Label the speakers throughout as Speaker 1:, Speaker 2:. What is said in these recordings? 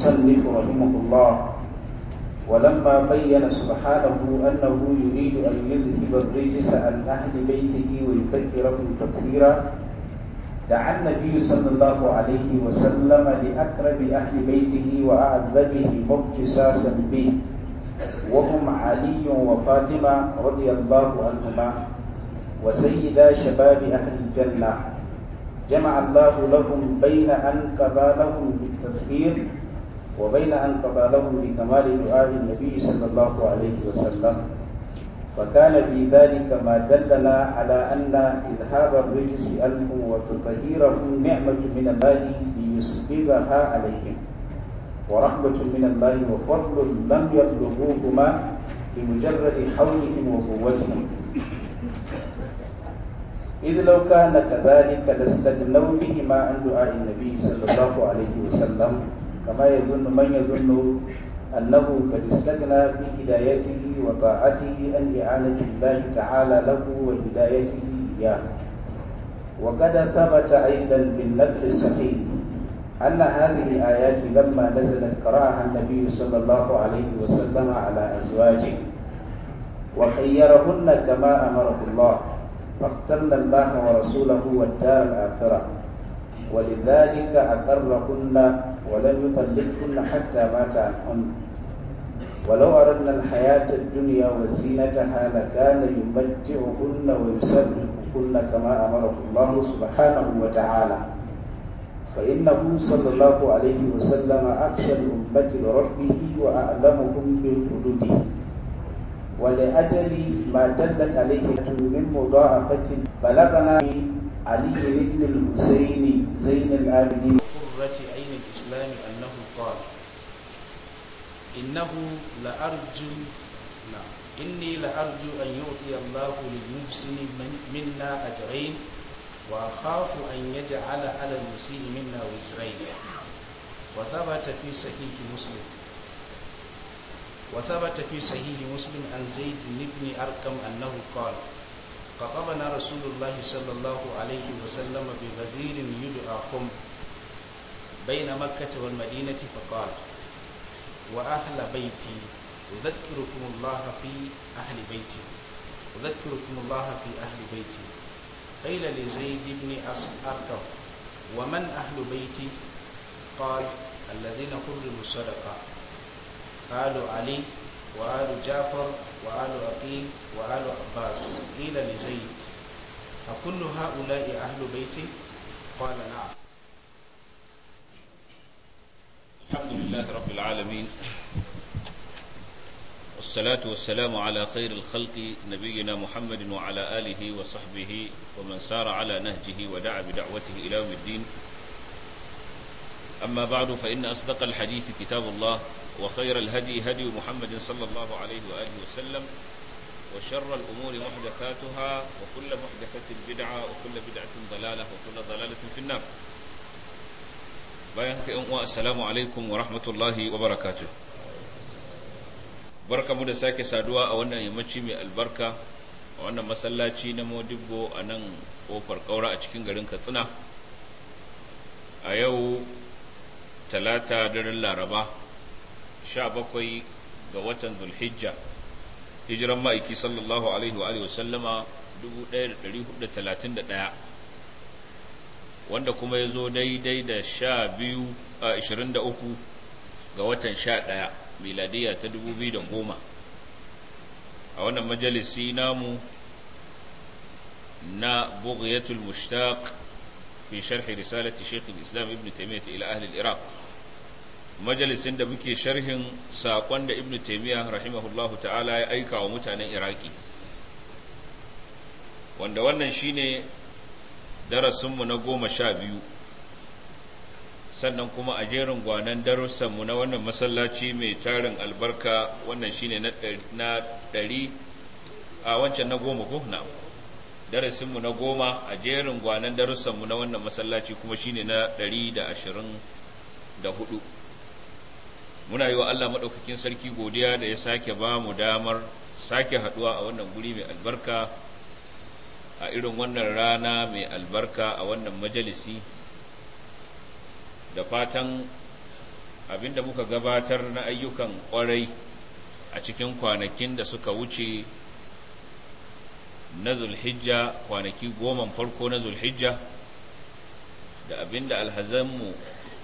Speaker 1: المصنف رحمه الله ولما بين سبحانه أنه يريد أن يذهب الرجس عن أهل بيته ويطهرهم تطهيرا دعا النبي صلى الله عليه وسلم لأقرب أهل بيته وأعذبه مقتصاصا به وهم علي وفاطمة رضي الله عنهما وسيدا شباب أهل الجنة جمع الله لهم بين أن قضى لهم بالتطهير وبين أن قباله بكمال دعاء النبي صلى الله عليه وسلم فكان في ذلك ما دلنا على أن إذهاب الرجس عنهم وتطهيرهم نعمة من الله ليسببها عليهم ورحمة من الله وفضل لم يبلغوهما بمجرد حولهم وقوتهم إذ لو كان كذلك لاستغنوا بهما عن دعاء النبي صلى الله عليه وسلم kama ya zunnu man ya zunnu annahu qad istaghna fi hidayatihi wa ta'atihi an i'anati Allah ta'ala lahu wa hidayatihi ya wa qad thabata aidan bin nadl sahih anna hadhihi ayati lamma nazalat qara'aha an-nabi sallallahu alayhi wa sallam ala azwajihi wa khayyarahunna kama amara Allah faqtanna Allah wa rasulahu wa dar al-akhirah ولذلك أقرهن ولم يطلقهن حتى مات عنهن ولو أردنا الحياة الدنيا وزينتها لكان يمتعهن ويسرحهن كما أمره الله سبحانه وتعالى فإنه صلى الله عليه وسلم أخشى الأمة لربه وأعلمهم بحدوده ولأجل ما دلت عليه من مضاعفة بلغنا علي بن الحسين زين العابدين قرة عين الإسلام أنه قال إنه لأرجو لا إني لأرجو أن يعطي الله للمحسن من منا أجرين وأخاف أن يجعل على المسيء منا وزرين وثبت في صحيح مسلم وثبت في صحيح مسلم عن زيد بن أرقم أنه قال خطبنا رسول الله صلى الله عليه وسلم بغدير يدعى قم بين مكة والمدينة فقال وأهل بيتي أذكركم الله في أهل بيتي أذكركم الله في أهل بيتي قيل لزيد بن أركب ومن أهل بيتي قال الذين حرموا الصدقة آل علي وآل جعفر وآل عقيل وآل عباس قيل لزيد أكل هؤلاء أهل بيتي قال نعم
Speaker 2: الحمد لله رب العالمين والصلاة والسلام على خير الخلق نبينا محمد وعلى آله وصحبه ومن سار على نهجه ودعا بدعوته إلى يوم الدين أما بعد فإن أصدق الحديث كتاب الله وخير الهدي هدي محمد صلى الله عليه وآله وسلم وشر الأمور محدثاتها وكل محدثة بدعة وكل بدعة ضلالة وكل ضلالة في النار bayan haka uwa assalamu alaikum wa rahmatullahi wa barakatuh barka mu da sake saduwa a wannan yammaci mai albarka a wannan masallaci na modibbo a nan kofar kaura a cikin garin katsina a yau talata daren laraba 17 ga watan zulhijja hijiran ma'aiki sallallahu alaihi wa alihi wasallama 1431 wanda kuma ya zo daidai da 12 a 23 ga watan 11 miladiya ta 2010 a wannan majalisi namu na bugiyatul mushtaq fi sharhi risalati shaykh al-islam ibn taymiyyah ila ahli al-iraq majalisin da muke sharhin saƙon da ibn taimiyya rahimahullahu ta'ala ya aika wa mutanen iraki wanda wannan shine darasinmu na goma sha biyu sannan kuma a jerin gwanan darussanmu na wannan masallaci mai tarin albarka wannan shine na ɗari a wancan na goma ko na darasinmu na goma a jerin gwanan darussanmu na wannan masallaci kuma shine na ɗari da ashirin da hudu muna yi wa Allah maɗaukakin sarki godiya da ya sake ba mu damar sake haɗuwa a wannan guri mai albarka a irin wannan rana mai albarka a wannan majalisi da fatan abinda muka gabatar na ayyukan ƙwarai a cikin kwanakin da suka wuce na zulhijja kwanaki goma farko na zulhijja da abinda alhazanmu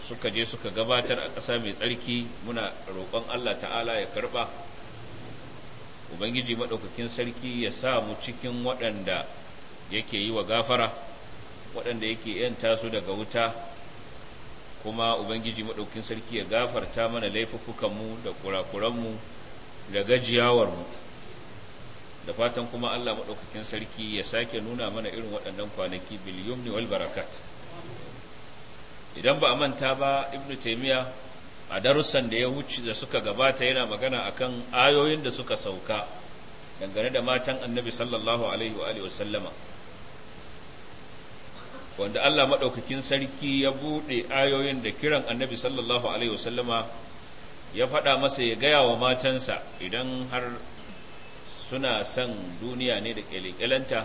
Speaker 2: suka je suka gabatar a ƙasa mai tsarki muna roƙon Allah ta'ala ya karɓa ubangiji maɗaukakin sarki ya sa mu cikin waɗanda yake yi wa gafara waɗanda yake ‘yanta su daga wuta kuma ubangiji maɗaukakin sarki ya gafarta mana laifukukanmu da kurakuranmu da gajiyawarmu da fatan kuma Allah maɗaukakin sarki ya sake nuna mana irin waɗannan kwanaki ne wal barakat. idan ba a manta ba ibn taimiya a darussan da ya wuce da suka gabata yana magana akan ayoyin da suka sauka dangane da matan annabi sallallahu alaihi wa sallama wanda Allah maɗaukakin sarki ya buɗe ayoyin da kiran annabi sallallahu alaihi wa sallama ya faɗa masa ya gaya wa matansa idan har suna son duniya ne da ƙyalƙyalanta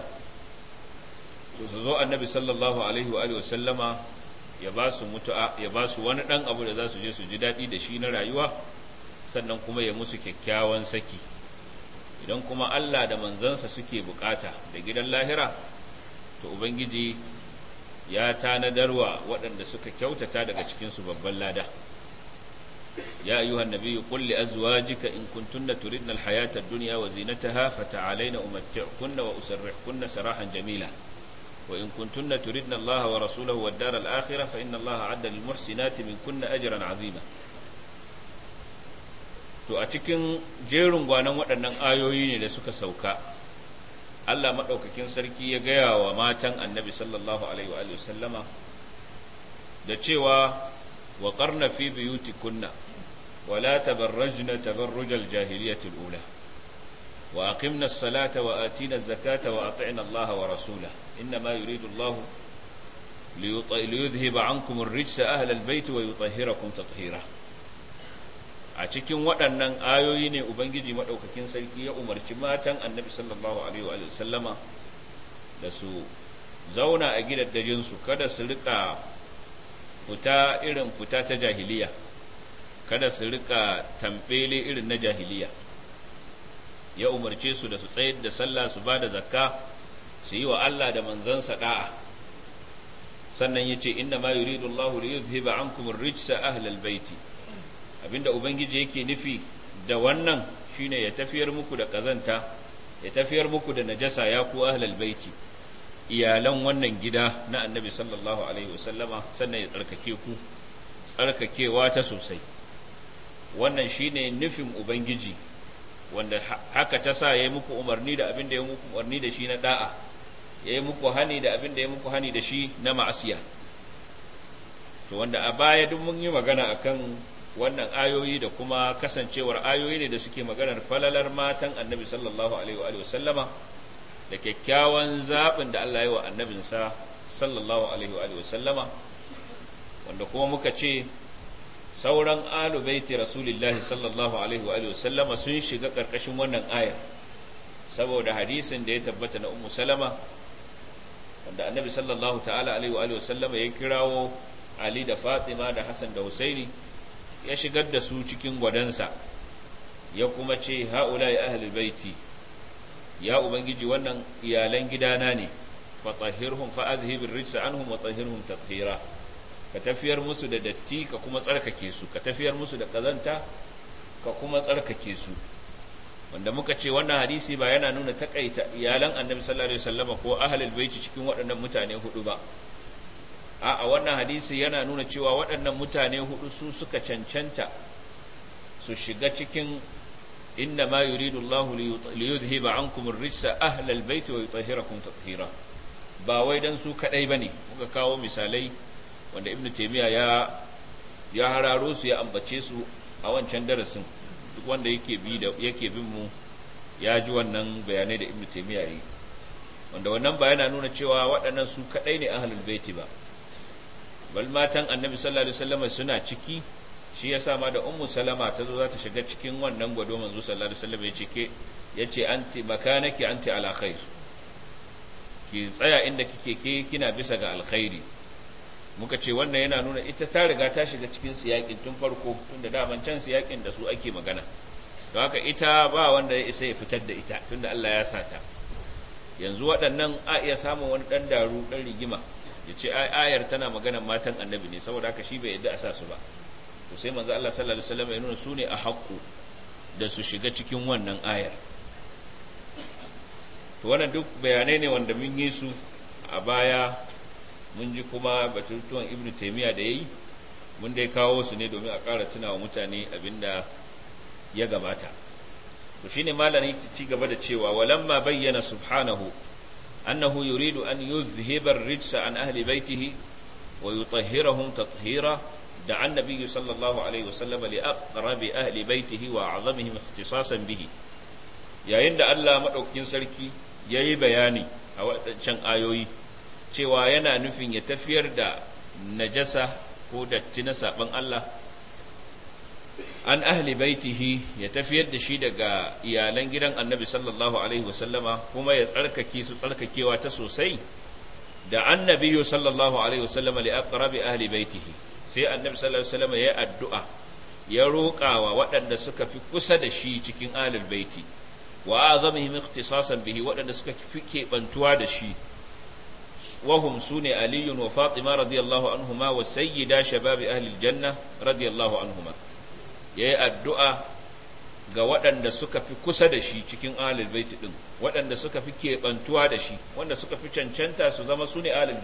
Speaker 2: su zo annabi sallallahu alaihi wa sallama ya ba su mutu'a ya ba su wani ɗan abu da za su je su ji daɗi da shi na rayuwa sannan kuma ya musu kyakkyawan saki idan kuma Allah da manzansa suke bukata da gidan lahira to ubangiji ya tanadarwa waɗanda suka kyautata daga cikinsu babban lada ya يا أيها in قل لأزواجك hayata ad-dunya wa zinataha وزينتها فتعالين wa usarrihkunna sarahan jamila. wa in kuntunna turidna Allah wa rasulahu wad dar fa inna Allah adda kunna to a cikin jerin gwanan waɗannan ayoyi ne da suka sauka Allah maɗaukakin sarki ya gaya wa matan Annabi sallallahu alaihi wa sallama da cewa wa qarna fi biyutikunna ولا تبرجن تبرج الجاهلية الأولى وأقمنا الصلاة وآتينا الزكاة Allah wa ورسوله إنما يريد الله liyuzhib ankum ar-rijsa ahla al-bait wa a cikin waɗannan ayoyi ne ubangiji maɗaukakin sarki ya umarci matan annabi sallallahu alaihi wa sallama da su zauna a gidan dajinsu kada su rika fita irin fita ta jahiliya kada su rika tambele irin na jahiliya ya umarce su da su tsayar da sallah su ba da zakka su yi wa Allah da manzansa ɗa'a. sannan ya ce inna ma yuridu da li ba an kuma rijsa ahlal baiti abinda ubangiji yake nufi da wannan shine ya tafiyar muku da kazanta ya tafiyar muku da najasa ya ku ahlal baiti iyalan wannan gida na annabi sallallahu alaihi wasallama sannan ya tsarkake ku tsarkakewa ta sosai wannan shine nufin ubangiji wanda haka ta sa ya yi muku umarni da abin da ya muku umarni da shi na da'a ya yi muku hani da abin da ya muku hani da shi na ma'asiya to wanda a baya duk mun yi magana akan wannan ayoyi da kuma kasancewar ayoyi ne da suke maganar falalar matan annabi sallallahu alaihi wa sallama da kyakkyawan zaɓin da Allah ya wa annabinsa sallallahu alaihi wa sallama wanda kuma muka ce sauran alubaiti baiti sallallahu alaihi wa sallama sun shiga ƙarƙashin wannan ayar saboda hadisin da ya tabbata na umu salama wanda annabi sallallahu ta'ala alaihi wa sallama ya kirawo ali da fatima da hasan da husaini ya shigar da su cikin gwadansa ya kuma ce ha'ula ya ahli baiti ya ubangiji wannan iyalan gidana ne fatahirhum fa azhib ar-rijsa anhum wa tahirhum tathira ka tafiyar musu da datti ka kuma tsarkake su ka tafiyar musu da kazanta ka kuma tsarkake su wanda muka ce wannan hadisi ba yana nuna takaita iyalan annabi sallallahu alaihi ko ahlul baiti cikin waɗannan mutane hudu ba a a wannan hadisi yana nuna cewa waɗannan mutane hudu su suka cancanta su shiga cikin inna ma yuridu Allah li yudhhiba ankum ar-rijsa baiti wa yutahhirakum ba wai dan su kadai bane muka kawo misalai wanda ibnu taymiya ya ya hararo su ya ambace su a wancan darasin wanda yake bi da yake bin mu ya ji wannan bayanai da Ibn Taymiyyah yi wanda wannan ba yana nuna cewa waɗannan su kadai ne ahlul baiti ba bal matan annabi sallallahu alaihi wasallam suna ciki shi yasa ma da ummu salama ta zo za ta shiga cikin wannan gwado manzo sallallahu alaihi wasallam ya ce ke yace anti makanaki anti ala khair ki tsaya inda kike ke kina bisa ga alkhairi muka ce wannan yana nuna ita ta riga ta shiga cikin siyakin tun farko tunda daman can siyakin da su ake magana don haka ita ba wanda ya isa ya fitar da ita tunda Allah ya sata yanzu waɗannan a iya samun wani ɗan daru ɗan rigima ya ce ayar tana magana matan annabi ne saboda haka shi bai yadda a sa su ba to sai manzo Allah sallallahu alaihi wasallam ya nuna su ne a haƙƙo da su shiga cikin wannan ayar to wannan duk bayanai ne wanda mun yi su a baya mun ji kuma batutuwan ibn taimiyya da ya yi mun dai kawo su ne domin a ƙara tuna wa mutane abinda ya gabata to shine malamin ci gaba da cewa walamma bayyana subhanahu annahu yuridu an yuzhiba ar-rijsa an ahli baitihi wa yutahhirahum tathira da annabi sallallahu alaihi wasallam li aqrabi ahli baitihi wa a'zamihim ikhtisasan bihi yayin da Allah madaukakin sarki yayi bayani a wadancan ayoyi cewa yana nufin ya tafiyar da najasa ko datti na saban Allah an ahli baitihi ya tafiyar da shi daga iyalan gidan annabi sallallahu alaihi wasallama kuma ya tsarkake su tsarkakewa ta sosai da annabiyu sallallahu alaihi wasallama li aqrabi ahli baitihi sai annabi sallallahu alaihi wasallama ya addu'a ya roƙawa waɗanda suka fi kusa da shi cikin ahlul baiti wa azamihim ikhtisasan bihi waɗanda suka fi bantuwa da shi وهم سوني علي وفاطمة رضي الله عنهما وسيدا شباب أهل الجنة رضي الله عنهما يا الدعاء ga waɗanda suka fi kusa da shi cikin ahlul ɗin waɗanda suka fi keɓantuwa da shi wanda suka fi cancanta su zama su ne ahlul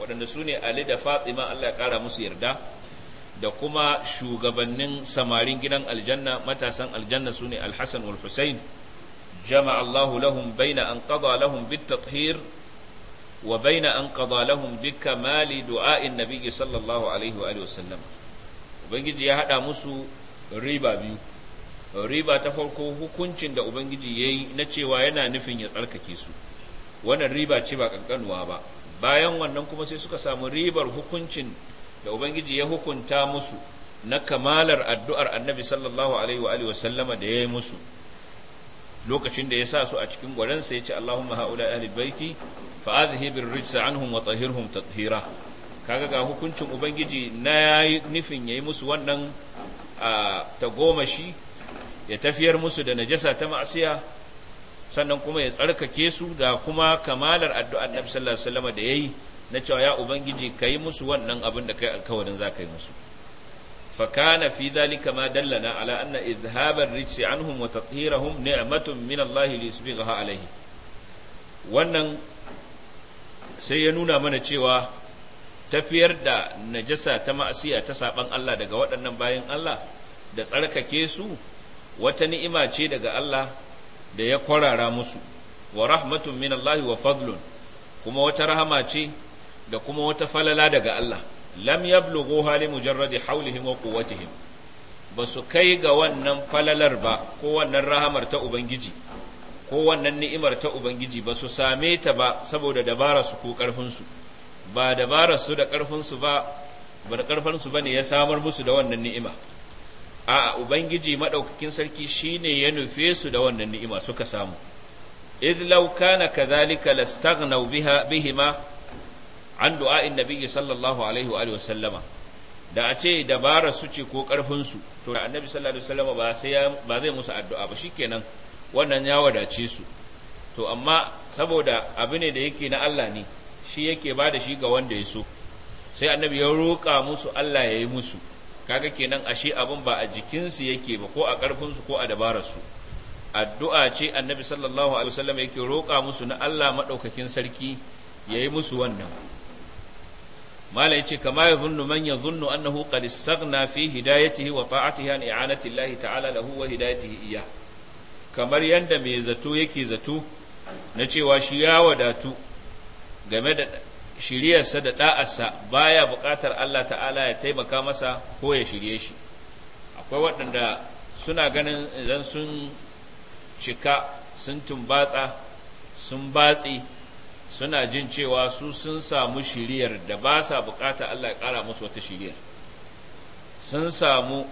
Speaker 2: waɗanda su ne ali da fatima allah ya ƙara musu yarda da kuma shugabannin samarin gidan aljanna matasan aljanna su ne alhassan wal husain jama'a allahu lahum baina an qada lahum bit tathir wa baina an qada lahum bikamali du'a'in nabiyyi sallallahu alaihi wa alihi sallam. ubangiji ya hada musu riba biyu riba ta farko hukuncin da ubangiji yayi na cewa yana nufin ya tsarkake su wannan riba ce ba kankanuwa ba bayan wannan kuma sai suka samu ribar hukuncin da ubangiji ya hukunta musu na kamalar addu'ar annabi sallallahu alaihi wa alihi wasallama da yayi musu lokacin da ya sa su a cikin gwaransa ya ce Allahumma ha'ula ahli baiti fa azhibir rijsa anhum wa tahhirhum tathira kaga ga hukuncin ubangiji na yayi nufin yayi musu wannan ta goma shi ya tafiyar musu da najasa ta ma'asiya sannan kuma ya tsarkake su da kuma kamalar addu'ar na sallallahu alaihi wasallam da yayi na cewa ya ubangiji kai musu wannan abin da kai alkawarin za ka yi musu فكان في ذلك ما دلنا على أن إذهاب الرجس عنهم وتطهيرهم نعمة من الله ليسبغها عليه wannan sai ya nuna mana cewa tafiyar da najasa ta ma'asiya ta saban Allah daga waɗannan bayan Allah da tsarkake su wata ni'ima ce daga Allah da ya kwarara musu wa rahmatun min Allah wa fadlun kuma wata rahama ce da kuma wata falala daga Allah lam yablughu hali mujarradi hawlihim wa quwwatihim ba su kai ga wannan falalar ba ko wannan rahamar ta ubangiji ko wannan ni'imar ta ubangiji ba su same ta ba saboda su ko ƙarfinsu ba su da ƙarfinsu ba ba da ƙarfinsu ba ne ya samar musu da wannan ni'ima a ubangiji maɗaukakin sarki shine ya nufe su da wannan ni'ima suka samu idh law kana kadhalika lastaghnaw biha bihima an du'a'in nabiyyi sallallahu alaihi wa sallama da a ce dabara su ce ko ƙarfinsu, to annabi sallallahu alaihi wasallam ba sai ba zai musu addu'a ba shikenan wannan ya wadace su to amma saboda abu ne da yake na Allah ne shi yake ba da shi ga wanda ya so sai annabi ya roƙa musu Allah ya yi musu kaga kenan ashe abin ba a jikinsu yake ba ko a ƙarfinsu ko a dabararsu addu'a ce annabi sallallahu alaihi wasallam yake roƙa musu na Allah madaukakin sarki ya yi musu wannan mala yace kama ya zunnu man ya zunnu annahu qad istaghna fi hidayatihi wa ta'atihi an i'anati Allah ta'ala lahu wa hidayatihi iyyah kamar yadda mai zato yake zato na cewa shi ya wadatu game da shiryarsa da ɗa'arsa baya buƙatar Allah ta'ala ya taimaka masa ko ya shirye shi akwai waɗanda suna ganin idan sun cika sun tumbatsa sun batsi suna jin cewa su sun samu shiryar da ba sa buƙatar Allah ya ƙara musu wata shiriyar sun samu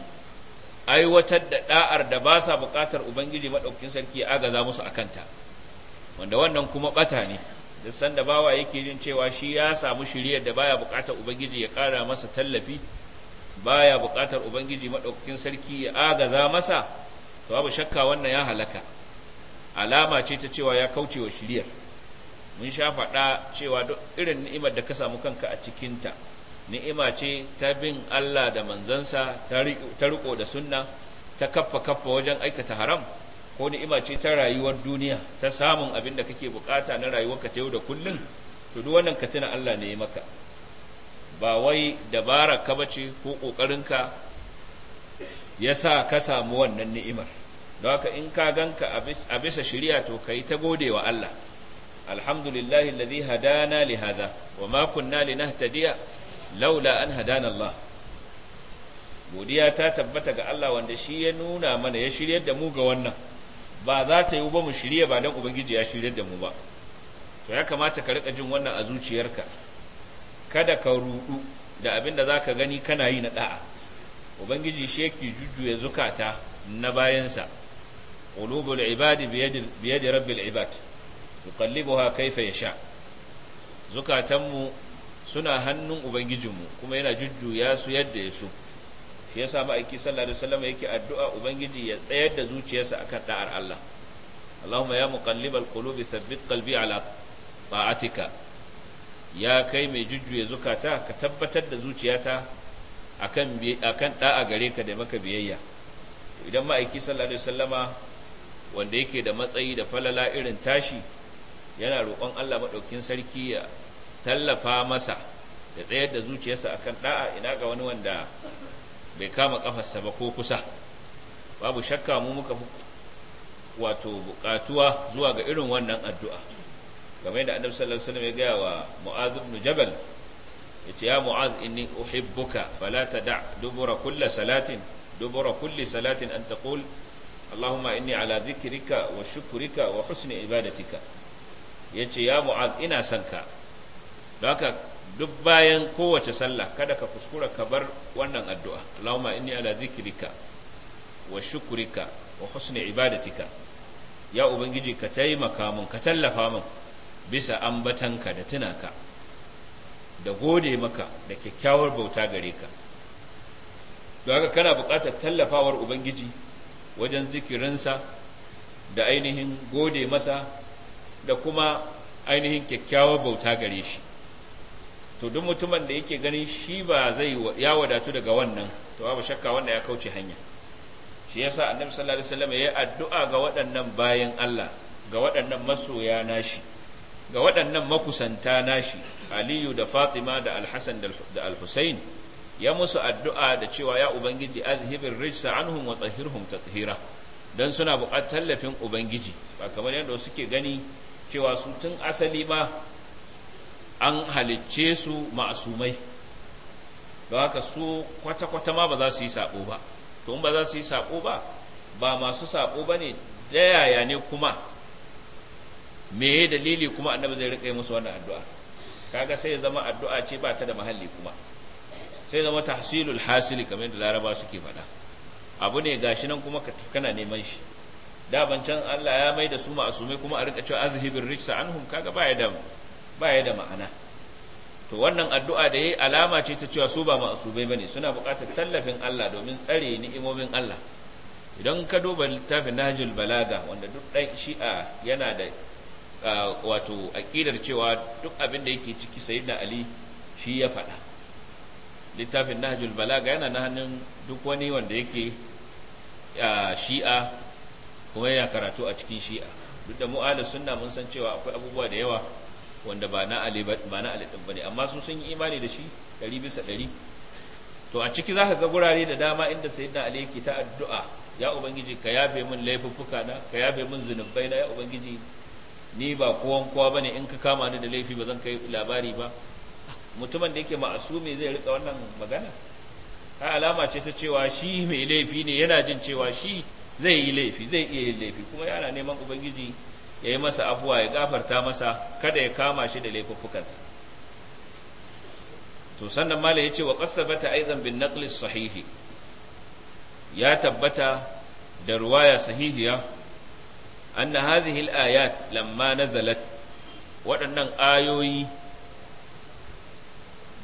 Speaker 2: aiwatar da da'ar da ba sa buƙatar ubangiji maɗaukin sarki ya agaza musu a kanta wanda wannan kuma ɓata ne da sanda bawa yake jin cewa shi ya samu shiriyar da baya buƙatar ubangiji ya ƙara masa tallafi baya buƙatar ubangiji madaukin sarki ya agaza masa to babu shakka wannan ya halaka alama ce ta cewa ya kaucewa shiriyar mun sha faɗa cewa duk irin ni'imar da ka samu kanka a cikinta ta ni'ima ce ta bin Allah da manzansa ta riko da sunna ta kaffa kaffa wajen aikata haram ko ni'ima ce ta rayuwar duniya ta samun abin da kake bukata na rayuwarka ta yau da kullum to duk wannan katina Allah ne ya maka ba wai dabara ka bace ko kokarinka ya sa ka samu wannan ni'imar don haka in ka ganka a bisa shari'a to kai ta gode wa Allah alhamdulillahi alladhi hadana li hadha wa ma kunna linahtadiya laula an hadana Allah godiya ta tabbata ga Allah wanda shi ya nuna mana ya shiryar da mu ga wannan ba za ta yi ba mu shirye ba dan ubangiji ya shiryar da mu ba to ya kamata ka rika jin wannan a zuciyarka kada ka rudu da abin da zaka gani kana yi na da'a ubangiji shi yake jujjuya zukata na bayansa qulubul ibadi bi yadi rabbil ibad yuqallibuha kayfa yasha zukatanmu suna hannun ubangijinmu kuma yana jujjuya su yadda ya so shi ya sa ma'aiki sallallahu alaihi wasallam yake addu'a ubangiji ya tsayar da zuciyarsa akan da'ar Allah Allahumma ya muqallibal qulubi thabbit qalbi ala ta'atika ya kai mai jujjuya zukata ka tabbatar da zuciyata akan akan da'a gare ka da maka biyayya idan ma'aiki sallallahu alaihi wasallama wanda yake da matsayi da falala irin tashi yana roƙon Allah madaukin sarki ya tallafa masa da tsayar da zuciyarsa akan ɗa'a ina ga wani wanda bai kama kafarsa ba ko kusa babu shakka mu muka wato buƙatuwa zuwa ga irin wannan addu'a game da annabi sallallahu alaihi wasallam ya gaya wa mu'adh ibn jabal yace ya mu'adh inni uhibbuka fala tada' dubura kulli salatin dubura kulli salatin an taqul allahumma inni ala dhikrika wa shukrika wa husni ibadatika yace ya mu'az ina sanka. ka don haka duk bayan kowace sallah kada ka fuskura ka bar wannan addu'a lauma inni ala zikrika wa shukurika wa husni ibadatika ya ubangiji ka taimaka min ka tallafa min bisa ambatanka da tunaka da gode maka da kyakkyawar bauta gare ka don haka kana buƙatar tallafawar ubangiji wajen zikirinsa da ainihin gode masa da kuma ainihin kyakkyawar bauta gare shi to duk mutumin da yake ganin shi ba zai ya wadatu daga wannan to babu shakka wanda ya kauce hanya shi yasa annabi sallallahu alaihi wasallam ya addu'a ga waɗannan bayan Allah ga waɗannan masoya nashi ga waɗannan makusanta nashi Aliyu da Fatima da Al-Hasan da Al-Husayn ya musu addu'a da cewa ya ubangiji azhibir rijsa anhum wa tahhirhum tatheera dan suna buƙatar tallafin ubangiji ba kamar yadda suke gani cewa su tun asali ba. an halicce su ma'asumai Ba haka su kwata-kwata ma ba za su yi saɓo ba to ba za su yi saɓo ba ba masu saɓo ba ne da ne kuma me dalili kuma annabi zai riƙa yi musu wannan addu'a kaga sai ya zama addu'a ce ba ta da mahalli kuma sai zama tahsilul hasili kamar da laraba suke faɗa abu ne gashi nan kuma ka kana neman shi da ban can Allah ya mai da su ma'asumai kuma a riƙa cewa azhibir rijsa anhum kaga ba ya da ba ya da ma'ana to wannan addu'a da yayi alama ce ta cewa su ba masubai bane suna buƙatar tallafin Allah domin tsare ni'imomin Allah idan ka duba littafin Nahjul Balaga wanda duk ɗan Shi'a yana da wato aqidar cewa duk abin da yake ciki Sayyidina Ali shi ya faɗa littafin Nahjul Balaga yana na hannun duk wani wanda yake Shi'a kuma yana karatu a cikin Shi'a duk da mu sunna mun san cewa akwai abubuwa da yawa wanda ba na ali ba na ali din bane amma su sun yi imani da shi 100 bisa ɗari. to a ciki zaka ga gurare da dama inda sayyidina ali yake ta addu'a ya ubangiji ka yafe min laifuffuka na ka yafe min zunubai na ya ubangiji ni ba kowan kowa bane in ka kama ni da laifi ba zan kai labari ba mutumin da yake me zai rika wannan magana ta alama ce ta cewa shi mai laifi ne yana jin cewa shi zai yi laifi zai iya yin laifi kuma yana neman ubangiji ya yi masa afuwa ya gafarta masa kada ya kama shi da laifuffukansa to sannan malam ya ce wa qasabata aidan bin naqli sahihi ya tabbata da ruwaya sahihiya anna hadhihi al-ayat lamma nazalat waɗannan ayoyi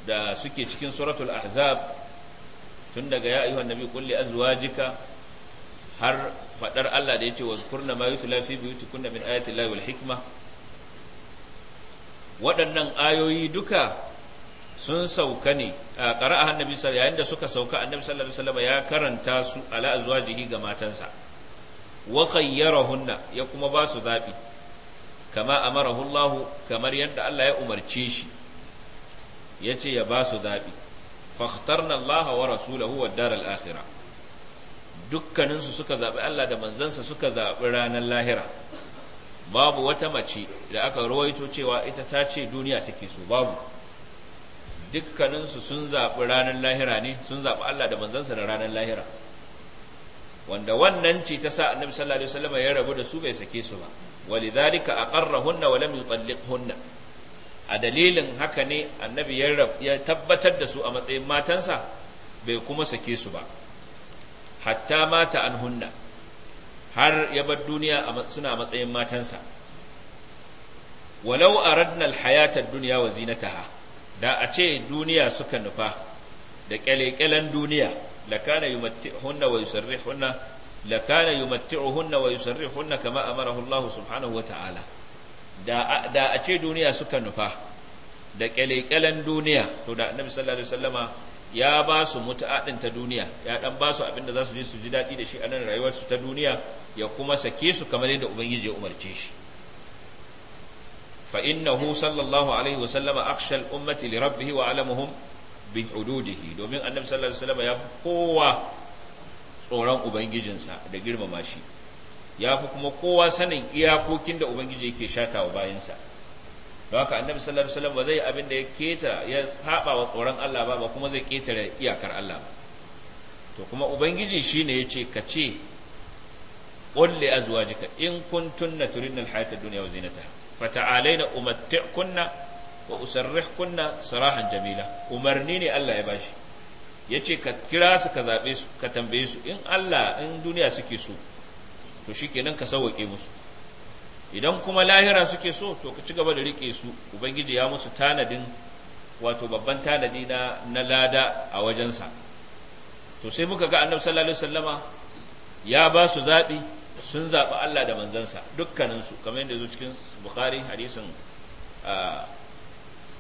Speaker 2: da suke cikin suratul ahzab tun daga ya ayyuhan nabi kulli azwajika har fadar Allah da yace wazkurna ma yutla fi buyutikunna min ayati wal hikma waɗannan ayoyi duka sun sauka ne a ƙara'a annabi yayin da suka sauka annabi sallallahu alaihi wasallam ya karanta su ala azwajihi ga matansa wa khayyarahunna ya kuma ba su zabi kama amarahu Allah kamar yadda Allah ya umarce shi yace ya ba su zabi fakhtarna Allah wa rasulahu wad daral akhirah dukkaninsu suka zaɓi Allah da manzansa suka zaɓi ranar lahira babu wata mace da aka rawaito cewa ita ta ce duniya take so babu dukkaninsu sun zaɓi ranar lahira ne sun zaɓi Allah da manzansa da ranar lahira wanda wannan ce ta sa annabi sallallahu alaihi wasallam ya rabu da su bai sake su ba walidhalika aqarrahunna wa lam yutalliqhunna a dalilin haka ne annabi ya tabbatar da su a matsayin matansa bai kuma sake su ba hatta mata an hunna har ya bar duniya suna matsayin matansa walau a aradna alhayata dunya wa zinataha da a ce duniya suka nufa da kyalekyalen duniya lakana yumattihunna wa hunna lakana yumatti'uhunna wa hunna kama amarahu Allah subhanahu wa ta'ala da da a ce duniya suka nufa da kyalekyalen duniya to da annabi sallallahu alaihi wasallama ya ba su mutu'a din ta duniya ya dan ba su abinda za su je su ji daɗi da shi a nan rayuwarsu ta duniya ya kuma sake su kamar yadda ubangiji ya umarce shi fa innahu sallallahu alaihi wa sallama akhshal ummati li rabbihi wa alamuhum bi hududihi domin annabi sallallahu alaihi wasallam ya fi kowa tsoron ubangijinsa da girmama shi ya fi kuma kowa sanin iyakokin da ubangiji yake shatawa bayansa don haka annabi sallallahu alaihi wasallam ba zai abin da ya keta ya saba wa tsoron Allah ba ba kuma zai ketare iyakar Allah ba to kuma ubangiji shine yace ka ce qul li azwajika in kuntunna turidna alhayata ad-dunya wa zinataha fata'alaina umatti'kunna wa usarrihkunna sarahan jamila umarni ne Allah ya bashi yace ka kira su ka zabe su ka tambaye su in Allah in duniya suke so to shikenan ka sauke musu idan kuma lahira suke so to ka ci gaba da rike su ubangiji ya musu tanadin wato babban tanadi na na lada a wajensa to sai muka ga annabi sallallahu alaihi wasallama ya ba su zaɓi sun zaɓi Allah da manzansa dukkaninsu kamar yadda zo cikin bukhari hadisin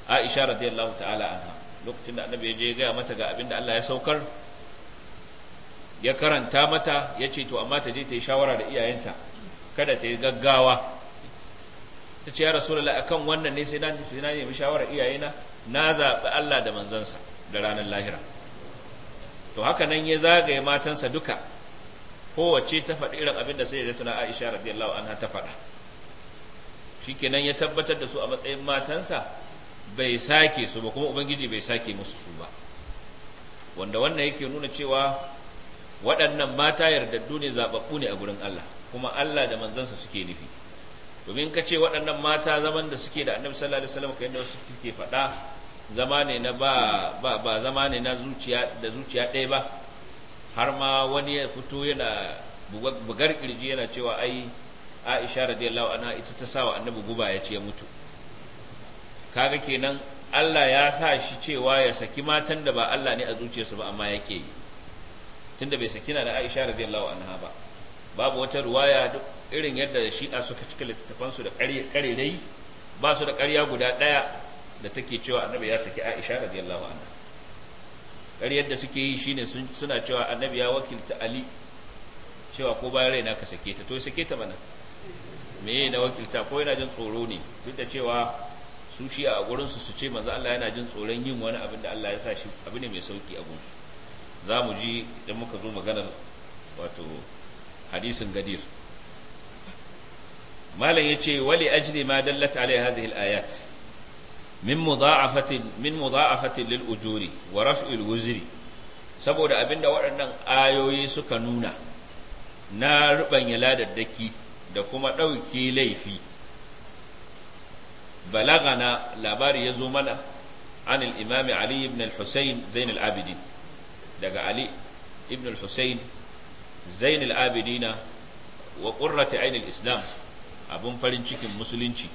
Speaker 2: aisha radiyallahu ta'ala anha lokacin da annabi ya je gaya mata ga abinda da Allah ya saukar ya karanta mata ya ce to amma ta je ta yi shawara da iyayenta kada ta yi gaggawa ta ce ya rasulullah akan wannan ne sai na na nemi shawarar iyayena na zaɓi Allah da manzansa da ranar lahira to haka nan ya zagaye matansa duka kowace ta faɗi irin abin da sai da tuna Aisha radiyallahu anha ta faɗa shikenan ya tabbatar da su a matsayin matansa bai sake su ba kuma ubangiji bai sake musu su ba wanda wannan yake nuna cewa waɗannan mata yardaddu ne zaɓaɓɓu ne a gurin Allah kuma Allah da manzansa suke nufi domin ka ce waɗannan mata zaman da suke da annabi sallallahu alaihi wasallam kai da wasu suke faɗa zama ne na ba ba, ba zama ne na zuciya da zuciya ɗaya ba har ma wani ya fito yana bugar kirji yana cewa ai Aisha radiyallahu anha ita ta sawa annabi guba ya ce ya mutu kaga kenan Allah ya sa shi cewa ya saki matan da ba Allah ne a zuciyarsu ba amma yake yi tunda bai saki na da Aisha radiyallahu anha ba babu wata ruwaya duk irin yadda shi'a suka cika littattafansu da dai ba su da ƙarya guda ɗaya da take cewa annabi ya saki aisha radiyallahu anha ƙaryar da suke yi shine suna cewa annabi ya wakilta ali cewa ko bayan raina ka sake ta to sake ta mana me na wakilta ko yana jin tsoro ne duk da cewa su shi a gurin su su ce manzo Allah yana jin tsoron yin wani abin da Allah ya sa shi abu ne mai sauki a gunsu za mu ji idan muka zo maganar wato hadisin gadir malam ya ce wali ajli ma dallat alai hadhihi al-ayat min mudha'afatin min mudha'afatin lil ujuri wa raf'il wuzri saboda abinda waɗannan ayoyi suka nuna na rubanya ladaddaki da kuma ɗauki laifi balagana labari ya zo mana عن imami علي بن الحسين زين العابدين دقى علي ابن الحسين zainul abidina wa qurrati ainil islam abin farin cikin musulunci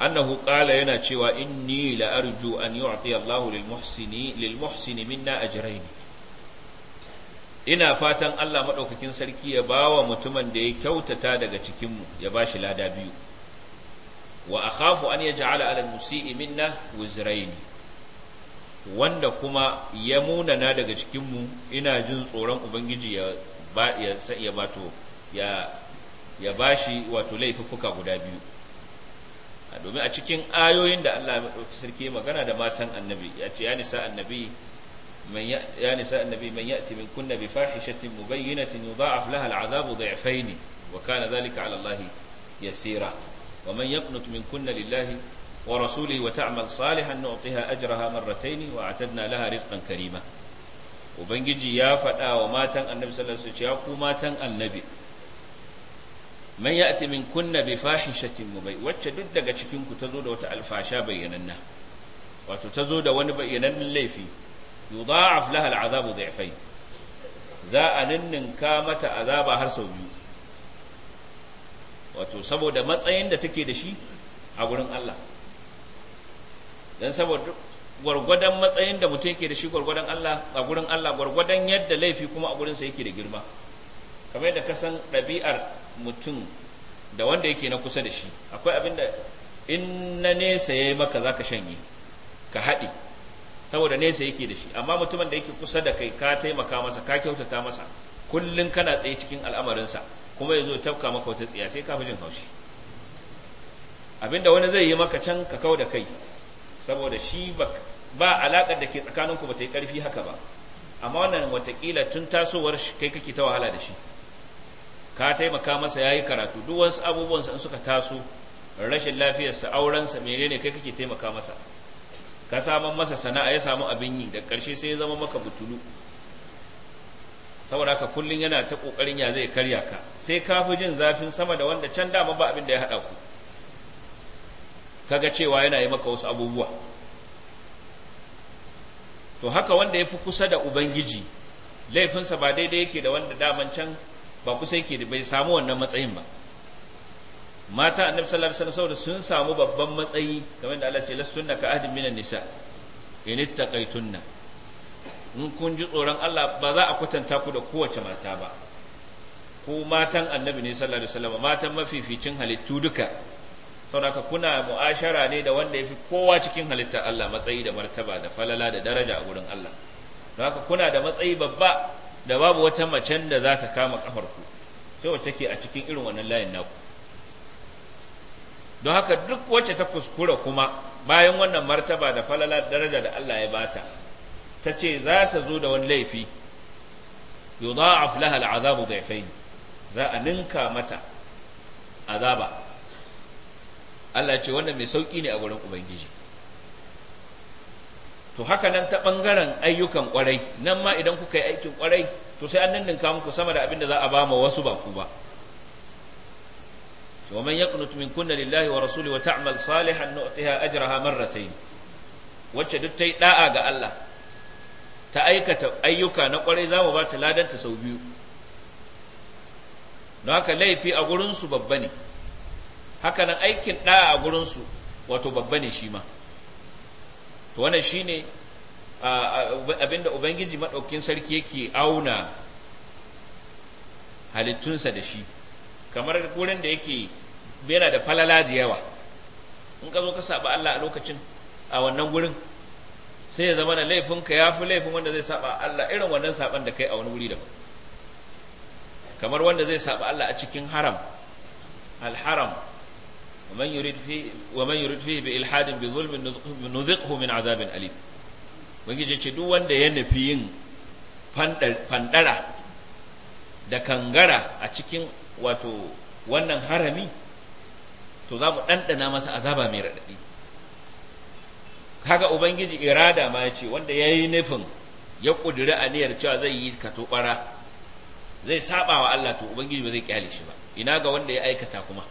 Speaker 2: annahu qala yana cewa inni la arju an yu'ti Allahu lil muhsini minna a minna ajrayn ina fatan Allah madaukakin sarki ya bawa mutumin da ya kyautata daga cikin mu ya bashi lada biyu wa akhafu an yaj'ala ala al musii minna wizrayn wanda kuma ya munana daga cikinmu ina jin tsoron ubangiji ya ba ya bato ya ya bashi wato laifuka guda biyu domin a cikin ayoyin da Allah ya sarki magana da matan annabi ya ce ya nisa annabi man ya nisa annabi man ya'ti min kunna bi fahishatin mubayyinatin yudha'af laha al'adabu dha'fayn wa kana dhalika 'ala Allah yasira wa man yaqnut min kunna lillahi ورسوله وتعمل صالحا نعطيها أجرها مرتين وأعتدنا لها رزقا كريما وبنجي يا فتاة وماتن النبي صلى الله عليه وسلم يقول ماتن النبي من يأتي من كنا بفاحشة مبين وتشدد دقا تشكينكو تزود وتألفاشا بيننا وتتزود ونبيننا الليفي يضاعف لها العذاب ضعفين za a ninninka mata azaba har sau biyu wato saboda matsayin da take da shi a gurin Allah dan saboda gwargwadon matsayin da mutum yake da shi gwargwadon Allah a gurin Allah gwargwadon yadda laifi kuma a gurinsa yake da girma kamar yadda ka san ɗabi'ar mutum da wanda yake na kusa da shi akwai abin da in na nesa ya yi maka za ka shanye ka haɗe saboda nesa yake da shi amma mutumin da yake kusa da kai ka taimaka masa ka kyautata masa kullum kana tsaye cikin al'amarinsa kuma ya zo tafka maka wata tsiya sai ka fi jin haushi abin da wani zai yi maka can ka kau da kai saboda shi ba alaƙar da ke tsakaninku ba ta yi ƙarfi haka ba amma wannan watakila tun tasowar kai kake ta wahala da shi ka taimaka masa ya yi karatu duk wasu abubuwansa in suka taso rashin lafiyarsa aurensa menene kai kake taimaka masa ka saman masa sana'a ya samu abin yi da ƙarshe sai ya zama maka butulu saboda haka kullum yana ta ƙoƙarin ya zai karya ka sai ka fi jin zafin sama da wanda can dama ba abin da ya haɗa ku kaga cewa yana yi maka wasu abubuwa to haka wanda ya fi kusa da ubangiji laifinsa ba daidai yake da wanda daman can ba kusa yake da bai samu wannan matsayin ba mata annabi sallallahu alaihi wasallam sun samu babban matsayi kamar da Allah ce lastunna ka ahdin minan nisa in ittaqaitunna in kun ji tsoron Allah ba za a kwatanta ku da kowace mata ba ko matan annabi ne sallallahu alaihi wasallam matan mafificin halittu duka saboda kuna mu'ashara ne da wanda ya fi kowa cikin halittar Allah matsayi da martaba da falala da daraja a gurin Allah don haka kuna da matsayi babba da babu wata macen da za ta kama kafar ku sai wacce ke a cikin irin wannan layin naku don haka duk wacce ta kuskura kuma bayan wannan martaba da falala da daraja da Allah ya bata ta ce za ta zo da wani laifi yudha'af laha al'azabu dhaifain za a ninka mata azaba Allah ce wannan mai sauki ne a gurin ubangiji to haka nan ta ɓangaren ayyukan kwarai nan ma idan kuka yi aikin kwarai to sai an nanninka muku sama da abin da za a ba mu wasu ba ku ba wa man yaqnut min kunna lillahi wa rasuli wa ta'mal salihan nu'tiha ajraha marratayn wacce duk tai da'a ga Allah ta aikata ayyuka na kwarai za mu ba ta ladanta sau biyu don haka laifi a gurinsu babba ne hakanan aikin ɗa'a a gurinsu wato babba ne shi ma to wannan shine abinda ubangiji maɗaukin sarki yake auna halittunsa da shi kamar gurin da yake yana da falala da yawa in ka zo ka saba Allah a lokacin a wannan gurin sai ya zama da laifinka ya fi laifin wanda zai saba Allah irin wannan saban da kai a wani wuri da kamar wanda zai saba Allah a cikin haram alharam ومن يريد فيه ومن يريد فيه بإلحاد بظلم نذقه من عذاب أليم ubangiji ce duk wanda ya nufi yin fandara da kangara a cikin wato wannan harami to za mu ɗanɗana masa azaba mai raɗaɗi kaga ubangiji irada ma ya wanda ya yi nufin ya ƙudiri niyar cewa zai yi katobara zai saba wa Allah to ubangiji ba zai kyale shi ba ina ga wanda ya aikata kuma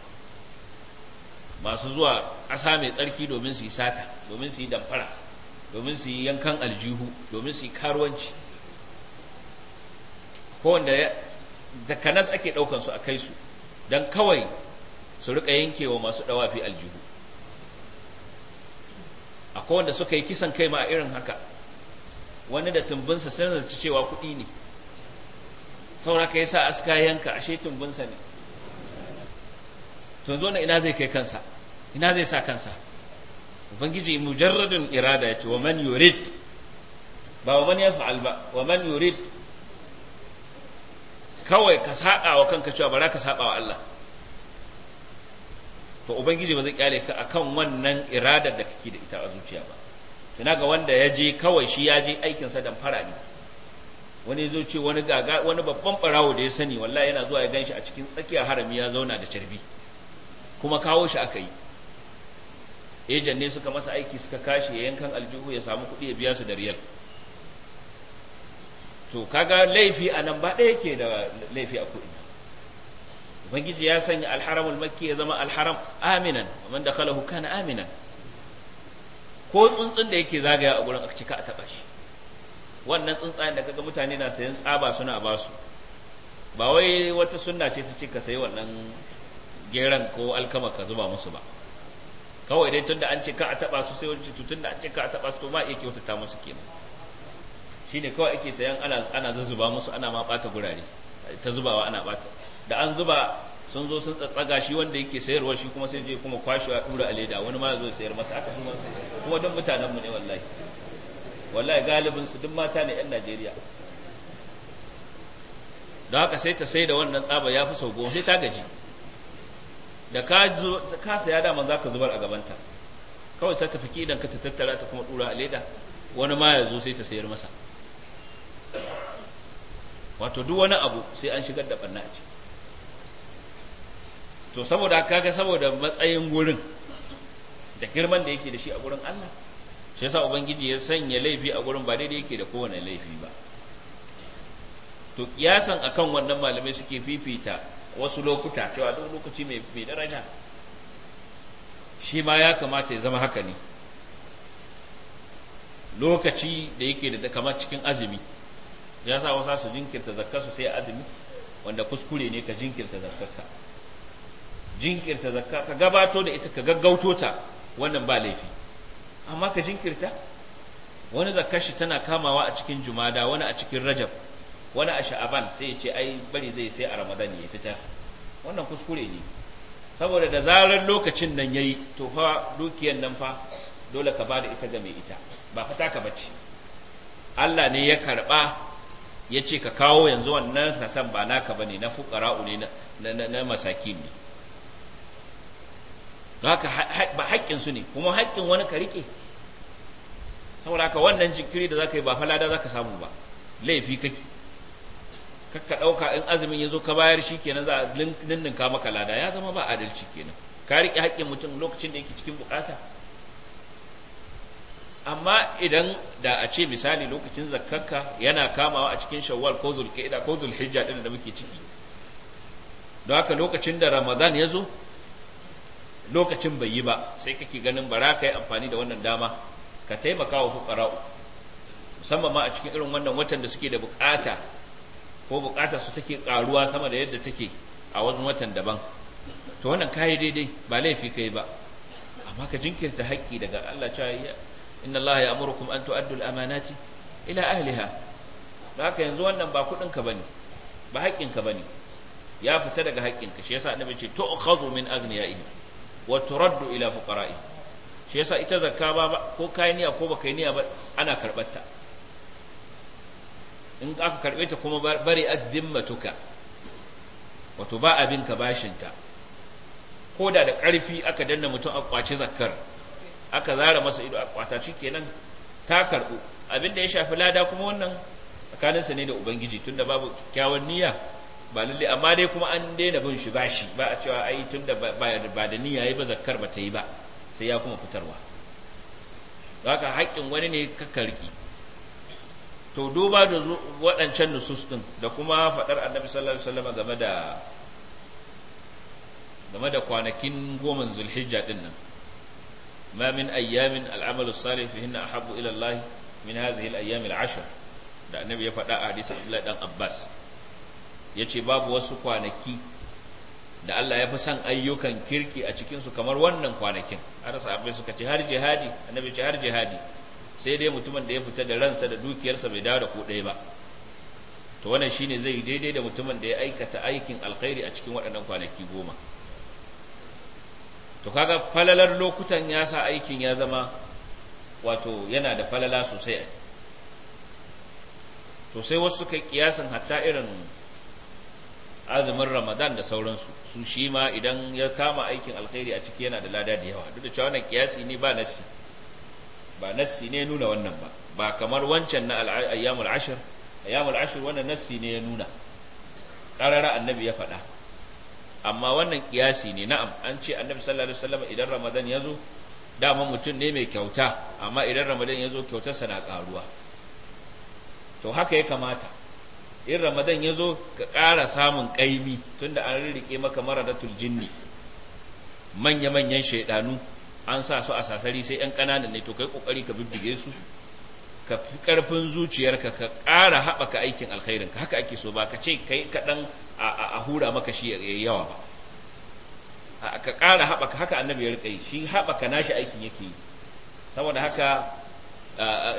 Speaker 2: masu zuwa ƙasa mai tsarki domin su yi sata domin su yi damfara domin su yi yankan aljihu domin su yi karuwanci kowanda ya takanas ake ɗaukan su a kai su don kawai su rika yankewa masu ɗawafi aljihu a kowanda suka yi kisan kai ma a irin haka wani da tumbinsa sun zaci cewa kuɗi ne saura ka sa aska yanka ashe tumbinsa ne tun zo na ina zai kai kansa ina zai sa kansa ubangiji mujarradin irada ya ce wa man yurid ba wa man yaf'al ba wa man yurid kawai ka saba wa kanka cewa bara ka saba wa Allah to ubangiji ba zai kyale ka akan wannan iradar da kake da ita a zuciya ba tuna ga wanda ya je kawai shi ya je aikinsa dan fara ne wani zo ce wani gaga wani babban barawo da ya sani wallahi yana zuwa ya ganshi a cikin tsakiyar harami ya zauna da carbi kuma kawo shi aka yi ejan ne suka masa aiki suka kashe yankan aljihu ya samu kuɗi ya biya su da riyal to kaga laifi a nan ba ɗaya ke da laifi a kuɗi ubangiji ya sanya alharamul makki ya zama alharam aminan man dakhalahu kana aminan ko tsuntsun da yake zagaya a gurin aka cika a taba shi wannan tsuntsayen da kaga mutane na sayan tsaba suna ba su ba wai wata sunna ce ta ce ka sayi wannan geran ko alkama ka zuba musu ba kawai dai tunda an ce ka a taba su sai wani cutu tunda an ce ka a taba su to ma iya kyautata musu kenan shine kawai ake sayan ana ana zuzzuba musu ana ma bata gurare ta zubawa ana bata da an zuba sun zo sun tsatsaga shi wanda yake sayarwa shi kuma sai je kuma kwashewa dura a leda wani ma zo sayar masa haka kuma kuma don mutanen mu ne wallahi wallahi galibin su duk mata ne yan Najeriya don haka sai ta sai da wannan tsaba ya fi sau goma sai ta gaji da ka ya dama za ka zubar a gabanta kawai sai ta faki idan ka ta tattara ta kuma dura a leda wani ma ya zo sai ta sayar masa wato duk wani abu sai an shigar da banna a ci. to saboda kaga saboda matsayin gurin da girman da yake da shi a gurin Allah shi yasa ubangiji ya sanya laifi a gurin ba daidai yake da kowane laifi ba to kiyasan akan wannan malamai suke fifita wasu lokuta cewa duk lokaci mai daraja shi ma ya kamata ya zama haka ne lokaci da yake da kamar cikin azumi ya sa wasa su jinkirta zakkarsu sai azumi wanda kuskure ne ka jinkirta zakkarka jinkirta zakka ka gabato da ita ka gaggauto ta wannan ba laifi amma ka jinkirta wani zakkar shi tana kamawa a cikin jumada wani a cikin rajab wani a sha'aban sai ya ce ai bari zai sai a ramadan ya fitar wannan kuskure ne saboda da zarar lokacin nan yi to fa dukiyar nan fa dole ka bada ita ga mai ita ba fata ka bace Allah ne ya karba ya ce ka kawo yanzu wannan kasan ba naka bane na fuqara'u ne na masakin ne haka ba haƙƙin su ne kuma haƙƙin wani ka rike saboda haka wannan jikiri da ka yi ba falada ka samu ba laifi kake ka ɗauka in azumin ya zo ka bayar shi kenan za a ninninka maka lada ya zama ba adalci kenan ka riƙe haƙƙin mutum lokacin da yake cikin buƙata amma idan da a ce misali lokacin zakkaka yana kamawa a cikin shawwal ko zulqa'ida ko zulhijja din da muke ciki don haka lokacin da ramadan ya zo lokacin bai yi ba sai kake ganin bara ka yi amfani da wannan dama ka taimaka wa fuqara'u musamman ma a cikin irin wannan watan da suke da buƙata ko bukatar su take karuwa sama da yadda take a wani watan daban to wannan kai daidai ba laifi kai ba amma ka jinkirta haƙƙi daga Allah cewa inna Allah ya amurukum an tu'addu al-amanati ila ahliha haka yanzu wannan ba kudin ka bane ba haƙƙin ka bane ya fita daga haƙƙin ka shi yasa annabi ce tu'khadhu min aghniyaihi wa turaddu ila fuqara'i shi yasa ita zakka ba ko kai ko baka niya ba ana karbar ta in aka karɓe ta kuma bari adzimmatuka wato ba abin ka bashinta ko da da ƙarfi aka danna mutum a kwaci zakkar aka zara masa ido a kwata shi kenan ta karɓu abin da ya shafi lada kuma wannan tsakaninsa ne da ubangiji tunda babu kyakkyawan niyya ba lalle amma dai kuma an daina bin shi bashi ba a cewa ai tunda ba da niyya yi ba zakkar ba ta yi ba sai ya kuma fitarwa haka haƙƙin wani ne ka karki to duba da waɗancan nusus ɗin da kuma faɗar annabi sallallahu alaihi wasallam game da game da kwanakin goma zulhijja ɗin nan ma min ayyamin al'amalu salih fihinna ahabbu ila Allah min hadhihi al-ayyam al-ashr da annabi ya faɗa a hadisin Abdullahi dan Abbas yace babu wasu kwanaki da Allah ya fi son ayyukan kirki a cikin su kamar wannan kwanakin har sahabbai suka ce har jihadi annabi ce har jihadi sai dai mutumin da ya fita da ransa da dukiyarsa bai dawo da ko ɗaya ba to wannan shine zai yi daidai da mutumin da ya aikata aikin alkhairi a cikin waɗannan kwanaki goma to kaga falalar lokutan ya sa aikin ya zama wato yana da falala sosai to sai wasu suka kiyasin hatta irin azumin ramadan da sauransu su shi ma idan ya kama aikin alkhairi a ciki yana da lada da yawa duk da cewa wannan kiyasi ne ba nasi ba nassi ne nuna wannan ba ba kamar wancan na ayyamul ashir ayyamul ashir wannan nassi ne ya nuna qarara annabi ya faɗa amma wannan kiyasi ne na'am an ce annabi sallallahu alaihi wasallam idan ramadan ya zo dama mutum ne mai kyauta amma idan ramadan ya zo kyautarsa na ƙaruwa to haka ya kamata in ramadan ya zo ka ƙara samun ƙaimi tunda an rirriƙe maka maradatul jinni manya-manyan shaidanu an sa su a sasari sai yan ƙananan ne to kai kokari ka bibbige su ka fi karfin zuciyarka ka ƙara haɓaka aikin alkhairin ka haka ake so ba ka ce kai kaɗan a hura maka shi ya yawa ba ka ƙara haɓaka haka annabi ya riƙa shi haɓaka nashi aikin yake yi saboda haka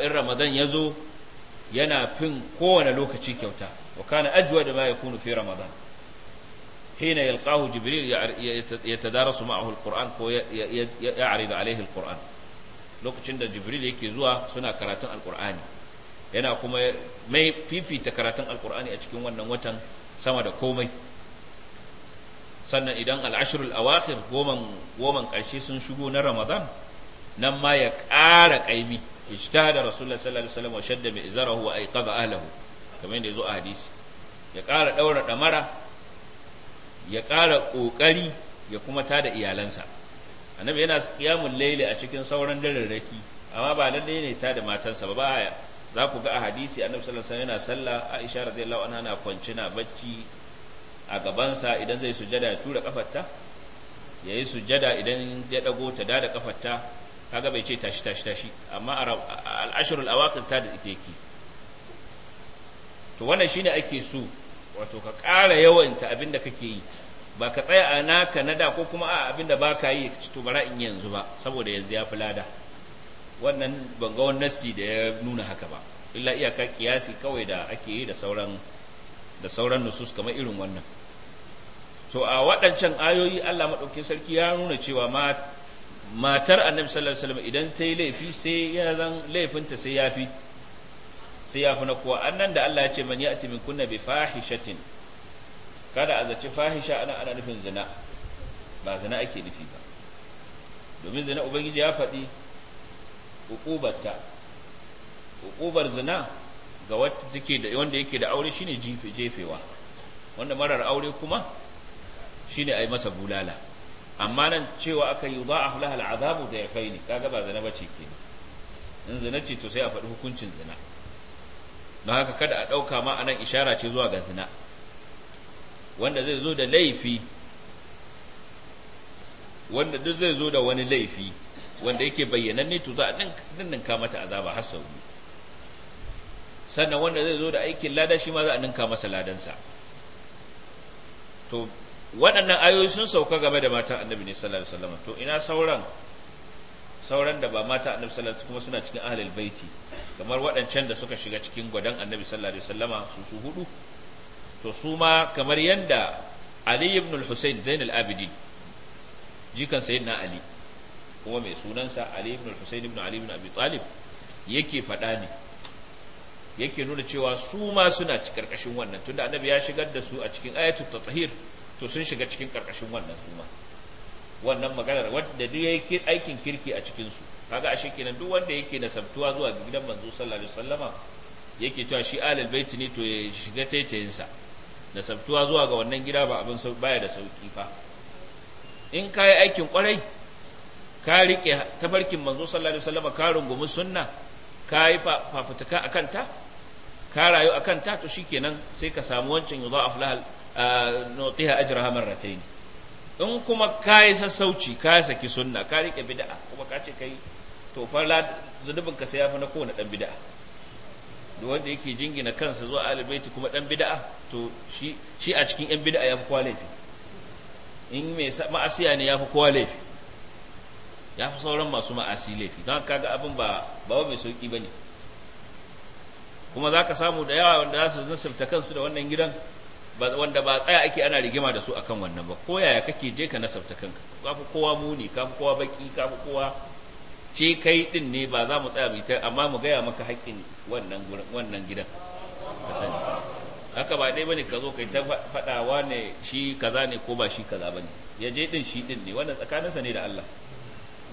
Speaker 2: in ramadan ya zo yana fin kowane lokaci kyauta wa kana ajwa da ma kunu fi ramadan hina yalqahu jibril yatadarasu ma'ahu alquran ko ya'ridu alaihi alquran lokacin da jibril yake zuwa suna karatun alqurani yana kuma mai fifita karatun alqurani a cikin wannan watan sama da komai sannan idan al'ashirul awakhir goman goman ƙarshe sun shigo na ramadan nan ma ya ƙara ƙaimi ijtihada rasulullah sallallahu alaihi wasallam wa shadda bi izarahu wa ayqadha ahlihi kamar yadda yazo a hadisi ya ƙara ɗaura daura mara. ya ƙara ƙoƙari ya kuma tada iyalansa annabi yana kiyamun laili a cikin sauran dararraki amma ba lallai ne ta da matansa ba ba za ku ga a hadisi annabi sallallahu alaihi yana sallah aisha radiyallahu anha na kwanci na bacci a gabansa idan zai sujada ya tura kafarta ya yi sujada idan ya dago ta da kafarta kaga bai ce tashi tashi tashi amma al-ashrul ta da ita yake to wannan shine ake so wato ka ƙara yawanta abin da kake yi ba ka tsaya a naka na da ko kuma a abinda da ba ka yi ci to bara in yanzu ba saboda yanzu ya fi lada wannan ban ga wani da ya nuna haka ba illa iyaka kiyasi kawai da ake yi da sauran da sauran nusus kamar irin wannan to a waɗancan ayoyi Allah maɗauki sarki ya nuna cewa matar annabi sallallahu alaihi wasallam idan ta yi laifi sai ya zan laifinta sai ya fi sai ya fi na an annan da Allah ya ce man ya'ti min kunna bi fahishatin kada a zaci fahisha ana ana nufin zina ba zina ake nufi ba domin zina ubangiji ya faɗi hukubarta hukubar zina ga wanda yake da aure shine jefewa wanda marar aure kuma shine a yi masa bulala amma nan cewa aka yi za a hulaha al'azabu da ya faini kaga ba zina ba ce ke in zina ce to sai a faɗi hukuncin zina don haka kada a ɗauka ma a nan ishara ce zuwa ga zina wanda zai zo da laifi wanda duk zai zo da wani laifi wanda yake ne to za a ninka mata azaba har sau sannan wanda zai zo da aikin lada shi ma za a ninka masa ladansa to waɗannan ayoyi sun sauka game da matan annabi ne sallallahu alaihi wasallam to ina sauran sauran da ba mata annabi sallallahu alaihi wasallam kuma suna cikin ahlul baiti kamar waɗancan da suka shiga cikin gwadon annabi sallallahu alaihi wasallama su su hudu to su ma kamar yanda ali ibn al-husayn zain al-abidin jikan sayyidina ali kuma mai sunansa ali ibn al-husayn ibn ali ibn abi talib yake faɗa ne yake nuna cewa su ma suna cikin karkashin wannan tunda annabi ya shigar da su a cikin ayatul tatahir to sun shiga cikin karkashin wannan su ma wannan maganar wadda duk yake aikin kirki a cikin su kaga ashe kenan duk wanda yake nasabtuwa zuwa gidan manzo sallallahu alaihi wasallama yake cewa shi alal bait ne to ya shiga taitayinsa nasabtuwa zuwa ga wannan gida ba abin baya da sauki fa in ka yi aikin kwarai ka rike tafarkin manzo sallallahu alaihi wasallama ka rungumi sunna ka yi fafutuka akan ta ka rayu akan ta to shikenan sai ka samu wancan yudha'af lahal nutiha ajraha marratayn in kuma ka yi sassauci ka saki sunna ka rike bid'a kuma ka ce kai to farla zunubin ka sai yafi na kowane dan bid'a da wanda yake jingina kansa zuwa ahlul baiti kuma dan bid'a to shi shi a cikin yan bid'a yafi kowa laifi in mai ma'asiya ne yafi kowa laifi yafi sauran masu ma'asi laifi don kaga abin ba ba mai sauki bane kuma za ka samu da yawa wanda za su nasabta kansu da wannan gidan wanda ba tsaya ake ana rigima da su akan wannan ba ko yaya kake je ka nasabta kanka kafi kowa muni kafi kowa baki kafi kowa ce kai din ne ba za mu tsaya mu ta amma mu gaya maka haƙƙin wannan wannan gidan ka haka ba dai bane ka zo kai ta faɗawa ne shi kaza ne ko ba shi kaza bane ya je din shi din ne wannan tsakaninsa ne da Allah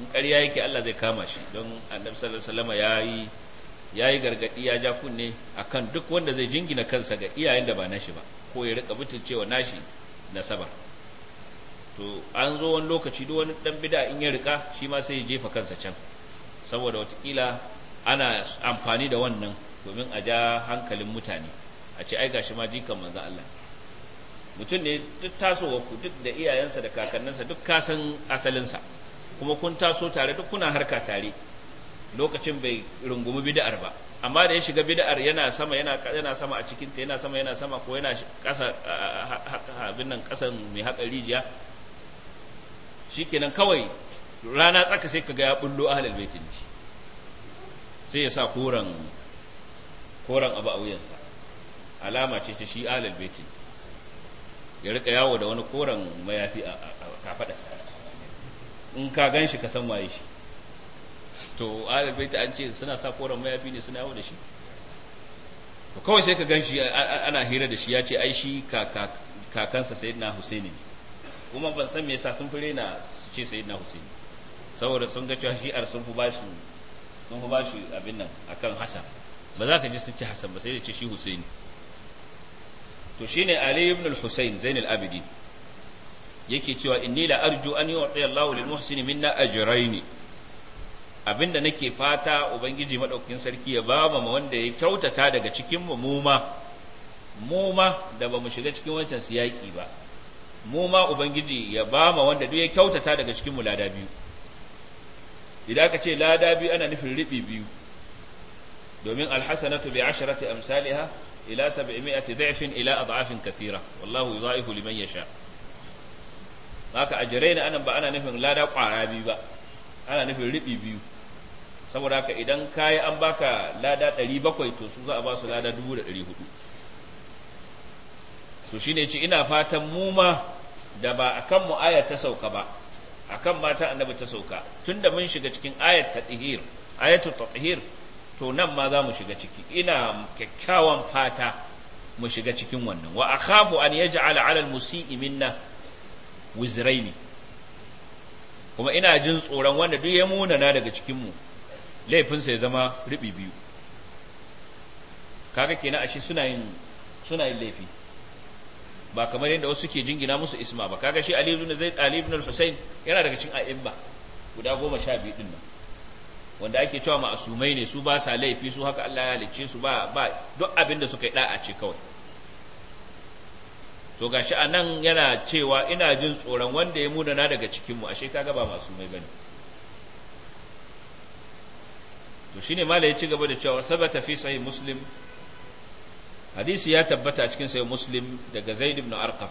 Speaker 2: in ƙarya yake Allah zai kama shi don annabi sallallahu alaihi wasallam yayi yayi gargadi ya ja kunne akan duk wanda zai jingina kansa ga iyayen da ba nashi ba ko ya rika mutuncewa nashi nasabar to an zo wani lokaci duk wani dan bid'a in ya rika shi ma sai ya jefa kansa can saboda watakila ana amfani da wannan domin a ja hankalin mutane a ce ai gashi ma jikan manzo Allah mutum ne duk tasowa ku duk da iyayensa da kakanninsa duk kasan asalinsa kuma kun taso tare duk kuna harka tare lokacin bai rungumi bid'ar ba amma da ya shiga bid'ar yana sama yana yana sama a cikinta yana sama yana sama ko yana kasa abin nan kasan mai haƙa rijiya shikenan kawai rana tsaka sai kaga ya bullo ahlul baitin shi sai ya sa koran koran abu a wuyansa alama ce ta shi ahlul baitin ya rika yawo da wani koran mayafi a kafadarsa in ka gan shi ka san waye shi to ahlul baiti an ce suna sa koran mayafi ne suna yawo da shi kawai sai ka gan shi ana hira da shi ya ce ai shi kakansa sayyidina husaini ne kuma ban san me yasa sun fi rena su ce sayyidina Hussein saboda sun ga cewa shi'ar sun fi bashi sun fi bashi abin nan akan Hassan ba za ka ji sun ce Hassan ba sai da ce shi Hussein to shine Ali ibn al-Husayn Zainul Abidin yake cewa inni la arju an yu'ti Allahu lil muhsini minna ajrayn abinda nake fata ubangiji madaukakin sarki ya bama wanda ya kyautata daga cikin mu muma muma da bamu shiga cikin wancan siyaki ba mu ma ubangiji ya ba ma wanda duk ya kyautata daga cikin mu lada biyu idan aka ce lada biyu ana nufin riɓi biyu domin alhasanatu bi asharati amsalha ila 700 da'fin ila ad'afin kathira wallahu yudha'ifu liman yasha haka ajraina anan ba ana nufin lada kwara biyu ba ana nufin riɓi biyu saboda haka idan kayi an baka lada 700 to su za a ba su lada 1400 shi ne ce ina fatan mu ma da ba akan mu ayar ta sauka ba akan mata annabi ta sauka tunda mun shiga cikin ayat tatihir ayatu tahir to nan ma za mu shiga ciki ina kyakkyawan fata mu shiga cikin wannan wa akhafu an yaj'ala 'ala al-musii minna wizraini kuma ina jin tsoron wanda duk ya munana daga cikin mu laifinsa ya zama ribi biyu kaga kenan ashe suna yin suna yin laifi ba kamar yadda wasu ke jingina musu isma ba kaga shi Ali ibn Zaid Ali ibn Hussein yana daga cikin a'imma guda goma sha biyu din nan wanda ake cewa ma'asumai ne su ba sa laifi su haka Allah ya halicce su ba ba duk abin da suka yi da'a ce kawai to gashi a nan yana cewa ina jin tsoron wanda ya munana daga cikinmu ashe kaga ba ma'asumai bane to shine mala ya ci gaba da cewa sabata fi sahih muslim hadisi ya tabbata a cikin sai muslim daga zaid ibn arqam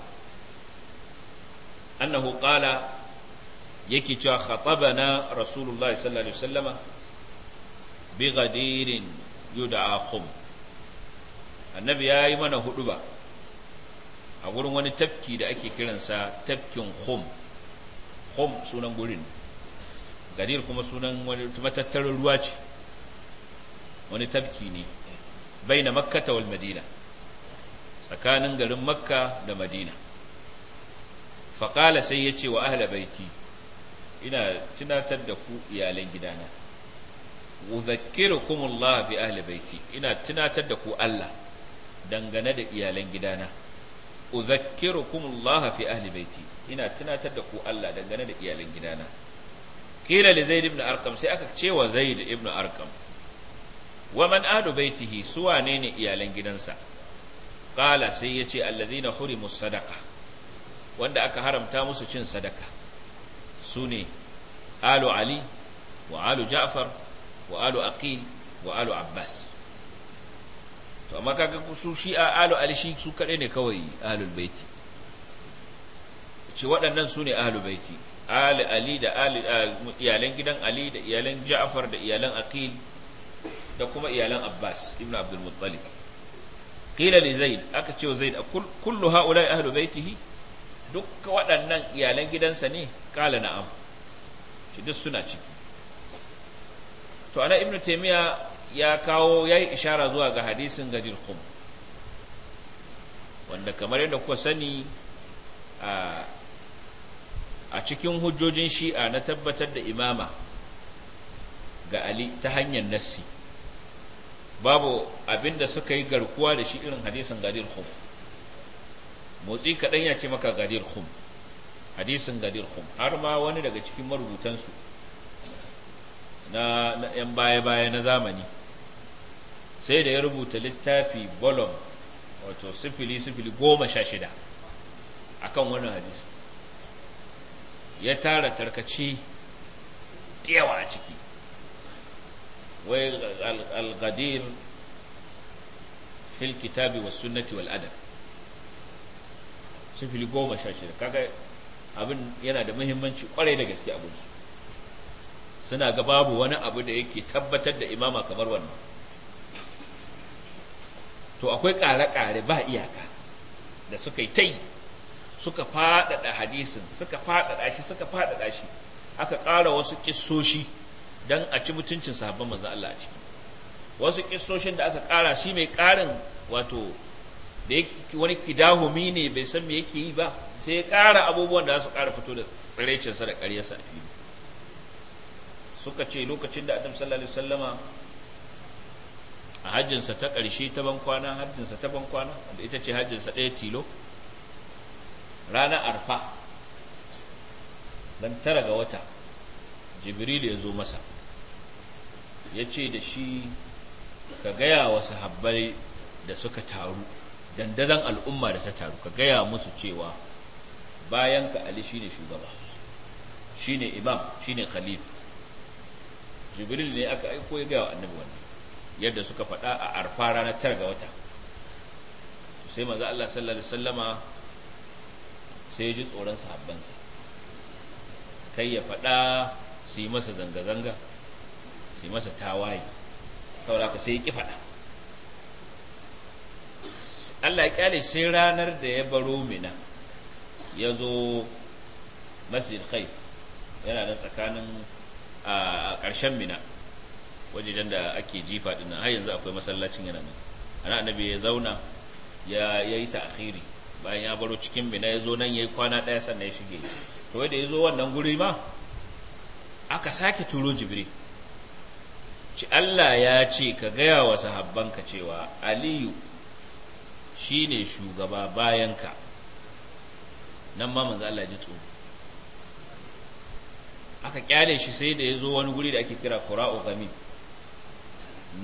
Speaker 2: annahu qala yake cewa khatabana rasulullahi sallallahu alaihi wasallama bi ghadirin yud'a khum annabi yayi mana huduba a gurin wani tafki da ake kiransa tafkin khum khum sunan gurin gadir kuma sunan wani matattarar ruwa ce wani tafki ne bai na makkata wal madina tsakanin garin makka da madina faƙala sai ya ce wa ahla baiti ina tunatar da ku iyalan gidana Allah fi ahli baiti ina tunatar da ku Allah dangane da iyalan gidana Allah fi ahli baiti ina tunatar da ku Allah dangane da iyalan gidana kila li zaid ibn arqam sai aka ce wa zaid ibn arqam wa man ahlu baitihi su wane ne iyalan gidansa qala sai yace allazina hurimus sadaqa wanda aka haramta musu cin sadaka sune alu ali wa alu ja'far wa alu aqil wa alu abbas to amma kaga su shi'a alu ali shi su kade ne kawai ahlul baiti ce waɗannan su ne ahlul baiti ali ali da ali iyalan gidan ali da iyalan ja'far da iyalan aqil da kuma iyalan abbas ibnu abdul muttalib qila li zaid aka ce zaid kullu haula ahlu baitihi duk waɗannan iyalan gidansa ne kala na'am shi duk suna ciki to ana ibnu taymiya ya kawo yayi ishara zuwa ga hadisin gadir khum wanda kamar yadda kuka sani a a cikin hujjojin shi'a na tabbatar da imama ga ali ta hanyar nassi babu abin da suka yi garkuwa da shi irin hadisin gadir khum motsi kaɗan ya ce maka gadir khum hadisin gadir khum har ma wani daga cikin marubutansu na yan baya-baya na zamani sai da ya rubuta littafi bolom wato sifili sifili goma sha shida a kan wannan hadisi ya tara tarkaci yawa a ciki wai al-qadim fil kitabi was sunnati sifili goma sha shida kaga abin yana da muhimmanci kwarai da gaske a gunsu suna ga babu wani abu da yake tabbatar da imama kamar wannan to akwai ƙare-ƙare ba iyaka da suka tai suka faɗaɗa hadisin suka faɗaɗa shi suka faɗaɗa shi aka ƙara wasu ƙissoshi dan a ci mutuncin sahabban manzo Allah a ciki wasu kissoshin da aka kara shi mai karin wato da wani kidahumi ne bai san me yake yi ba sai ya kara abubuwan da za su kara fito da sa da ƙaryarsa a suka ce lokacin da adam sallallahu alaihi wasallama a hajjinsa ta ƙarshe ta bankwana hajjinsa ta bankwana wanda ita ce hajjinsa ɗaya tilo ranar arfa dan tara ga wata jibril ya zo masa ya ce da shi ka gaya wa sahabbai da suka taru dandazon al'umma da ta taru ka gaya musu cewa bayan ka ali shine shugaba shine imam shine khalif jibril ne aka aiko ya gaya wa annabi wannan yadda suka faɗa a arfa ranar tara ga wata sai manzo Allah sallallahu alaihi wasallama sai ji tsoron sahabbansa kai ya faɗa su yi masa zanga-zanga sai masa tawaye saboda ka sai ya faɗa Allah ya kyale sai ranar da ya baro mina ya zo masjid khaif yana da tsakanin a ƙarshen mina wajen da ake jifa din har yanzu akwai masallacin yana nan ana annabi ya zauna ya yi ta'khiri bayan ya baro cikin mina ya zo nan ya yi kwana ɗaya sannan ya shige to wanda ya zo wannan guri ma aka sake turo jibril ci Allah ya ce ka gaya wa sahabbanka cewa aliyu shi ne shugaba bayanka nan ma manzo Allah ji tsoro aka kyale shi sai da ya zo wani guri da ake kira kura'u gami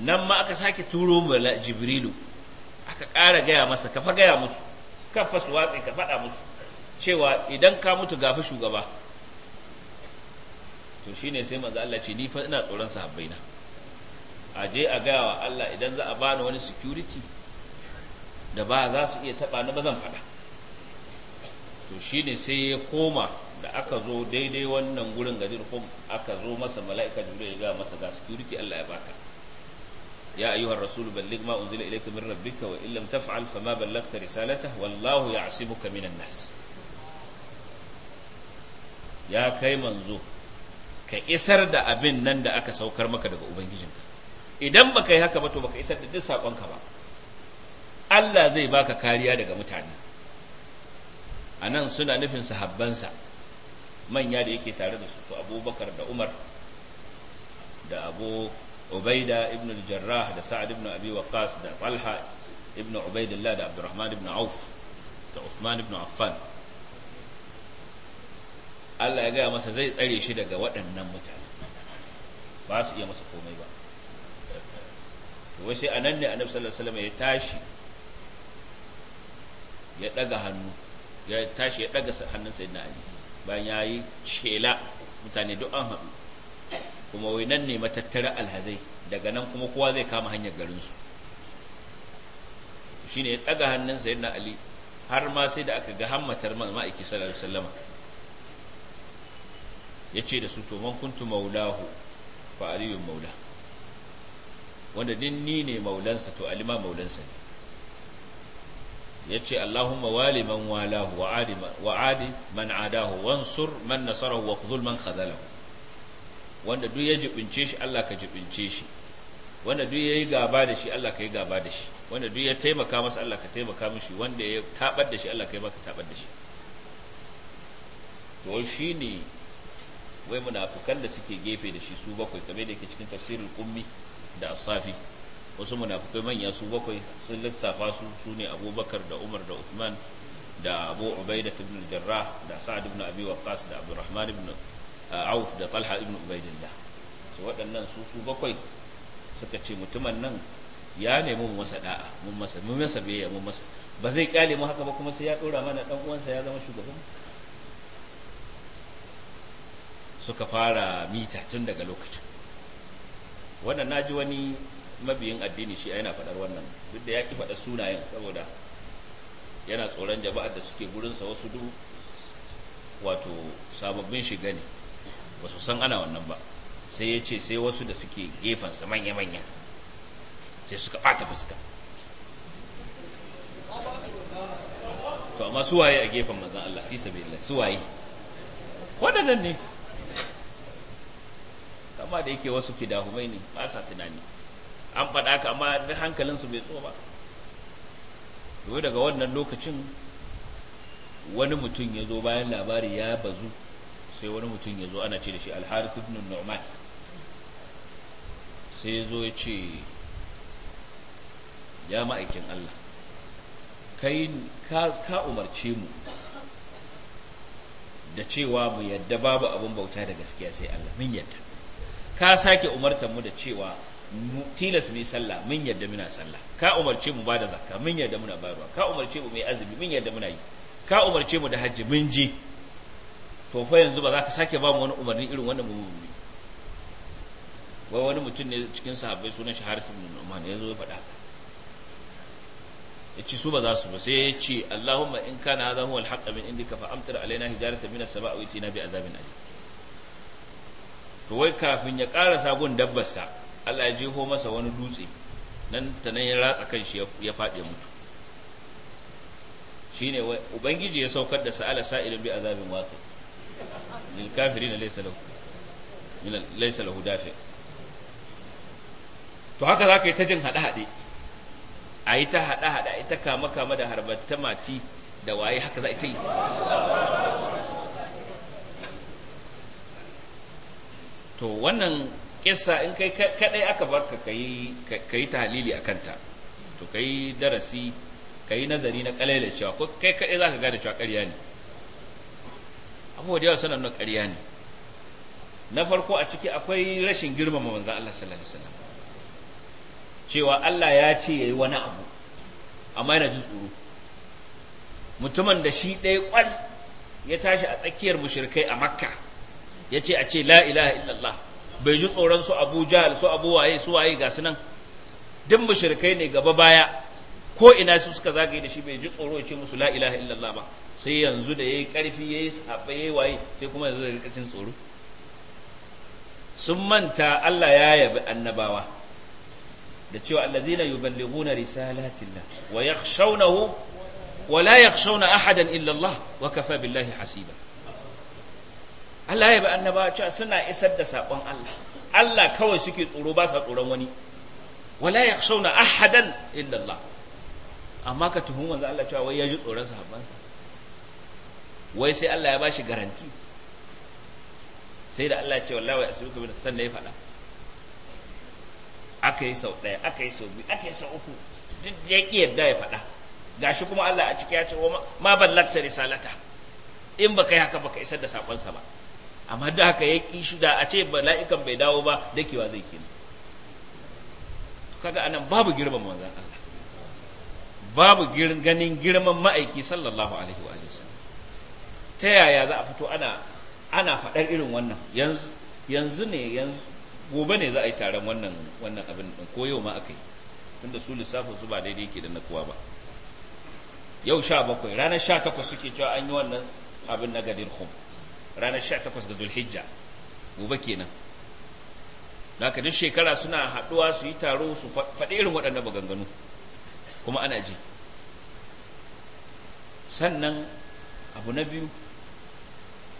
Speaker 2: nan ma aka sake turo bala jibrilu aka ƙara gaya masa kafa gaya musu kafa su watsi ka faɗa musu cewa idan ka mutu gafi shugaba to shine sai manzo Allah ce ni fa ina tsoron sahabbaina a je a gaya wa Allah idan za a bani wani security da ba za su iya taba na ba zan fada to shi ne sai ya koma da aka zo daidai wannan gurin gajir kum aka zo masa mala'ika jure ya gaya masa ga security Allah ya baka ya ayyuhar rasul ballig ma unzila ilayka min rabbika wa illam taf'al fama ballagta risalatahu wallahu ya'sibuka min an-nas ya kai manzo ka isar da abin nan da aka saukar maka daga ubangijinka idan baka yi haka ba to baka isar da duk saƙonka ba Allah zai baka kariya daga mutane a nan suna nufin sahabbansa manya da yake tare da su to abubakar da umar da abu ubaida ibn jarrah da sa'ad ibn abi waqas da talha ibn ubaidillah da abdurrahman ibn auf da usman ibn affan Allah ya gaya masa zai tsare shi daga waɗannan mutane ba su iya masa komai ba to wai sai anan ne annabi sallallahu alaihi wasallam ya tashi ya daga hannu ya tashi ya daga hannun sayyidina ali bayan yayi shela mutane duk an haɗu kuma wai nan ne matattara alhazai daga nan kuma kowa zai kama hanyar garin su shine ya daga hannun sayyidina ali har ma sai da aka ga hammatar ma'aiki sallallahu alaihi wasallama yace da su to man kuntu maulahu fa aliyun maulahu wanda din ni ne maulansa to alima maulansa ne yace Allahumma wali man walahu wa adi wa adi man adahu wansur man nasarahu wa khudhul man khadalahu wanda duk ya jibince shi Allah ka jibince shi wanda duk yayi gaba da shi Allah ka yi gaba da shi wanda duk ya taimaka masa Allah ka taimaka mishi wanda ya tabar da shi Allah ka yi maka tabar da shi to shi ne wai munafukan da suke gefe da shi su bakwai kamar da yake cikin tafsirin ummi da asafi wasu munafukai manya su bakwai sun lissafa su su ne abubakar da umar da uthman da abu ubaida ibn jarrah da sa'ad ibn abi waqqas da abdurrahman ibn uh, auf da talha ibn ubaidillah su waɗannan su su bakwai suka ce mutumin nan ya nemi mu masa da'a mun masa mun masa biyayya mun masa ba zai kyale mu haka ba kuma sai ya dora mana dan uwansa ya zama shugaban suka fara mita tun daga lokacin wannan na ji wani mabiyin addini shi yana faɗar wannan duk da ya ki faɗa sunayen saboda yana tsoron jama'ar da suke gurinsa wasu duk wato sababbin shiga ne ba su san ana wannan ba sai ya ce sai wasu da suke gefensa manya-manya sai suka ɓata fuska to amma suwaye a gefen manzan Allah fi sabi Allah suwaye waɗannan ne amma da yake wasu kidahumai ne ba sa tunani an faɗa ka amma da hankalinsu bai tso ba domin daga wannan lokacin wani mutum ya zo bayan labari ya bazu sai wani mutum ya zo ana ce da shi alharith ibn nu'man sai ya zo ya ce ya ma'aikin Allah kai ka umarce mu da cewa mu yadda babu abin bauta da gaskiya sai Allah mun yadda ka sake umartar mu da cewa tilas mu yi sallah mun yadda muna sallah ka umarce mu ba da zakka mun yadda muna bayarwa ka umarce mu mai azumi mun yadda muna yi ka umarce mu da hajji mun je to fa yanzu ba za ka sake ba mu wani umarni irin wannan mu mu wai wani mutum ne cikin sahabbai sunan shi Harith ibn Nu'man ya zo ya faɗa ya ci su ba za su ba sai ya ce Allahumma in kana hadha huwa al-haqq min indika fa amtir alaina hijaratan min as-sama'i wa itina bi azabin alim to wai kafin ya ƙara sabon dabbarsa Allah ya jeho masa wani dutse nan ta nan ya ratsa kan shi ya faɗi mutu Shi wai ubangiji ya saukar da sa'ala sa'ilin bi azabin waƙi lil kafirin laysa lahu laysa lahu dafi to haka zaka yi ta jin hada hade ayi ta hada hada ita kama kama da harbatta mati da waye haka za ta yi to wannan kisa in kai kadai aka barka kai kai tahlili akan ta to kai darasi kai nazari na kalaila cewa ko kai kadai zaka gane cewa ƙarya ne abubuwa da yawa suna nuna ƙarya ne na farko a ciki akwai rashin girmama manzo Allah sallallahu alaihi wasallam cewa Allah ya ce yayi wani abu amma yana jin tsoro mutumin da shi ɗaya kwal ya tashi a tsakiyar mushrikai a makka ya ce a ce la ilaha illallah bai ji tsoron su abu jahal su abu waye su waye ga su nan duk mushrikai ne gaba baya ko ina su suka zagaye da shi bai ji tsoro ya ce musu la ilaha illallah ba sai yanzu da yayi karfi yayi sahabba yayi waye sai kuma yanzu da rikacin tsoro sun manta Allah ya yabi annabawa da cewa allazina yuballighuna risalatillah wa yakhshawnahu wa la yakhshawna ahadan illallah wa kafa billahi hasiba Allah ya ba annabawa cewa suna isar da saƙon Allah Allah kawai suke tsoro ba sa tsoron wani wala yakhshawna ahadan illa Allah amma ka tuhum manzo Allah cewa wai ya ji tsoron sahabbansa wai sai Allah ya bashi garanti sai da Allah ya ce wallahi wa asbuka bin sanna ya faɗa aka yi sau ɗaya aka yi sau biyu aka yi sau uku duk ya ki yadda ya faɗa gashi kuma Allah a ciki ya ce ma ballagta risalata in baka yi haka ka isar da sakonsa ba amma da haka ya ki shi da a ce mala'ikan bai dawo ba dakewa zai kina kaga anan babu girman manzon Allah babu ganin girman ma'aiki sallallahu alaihi wa sallam ta yaya za a fito ana ana faɗar irin wannan yanzu yanzu ne yanzu gobe ne za a yi taron wannan wannan abin din ko yau ma aka yi tunda su lissafin su ba daidai ke da na kowa ba yau sha bakwai ranar sha takwas suke cewa an yi wannan abin na gadir home ranar 18 ga zulhijja gobe kenan haka duk shekara suna haɗuwa su yi taro su faɗi irin waɗannan maganganu kuma ana ji sannan abu na biyu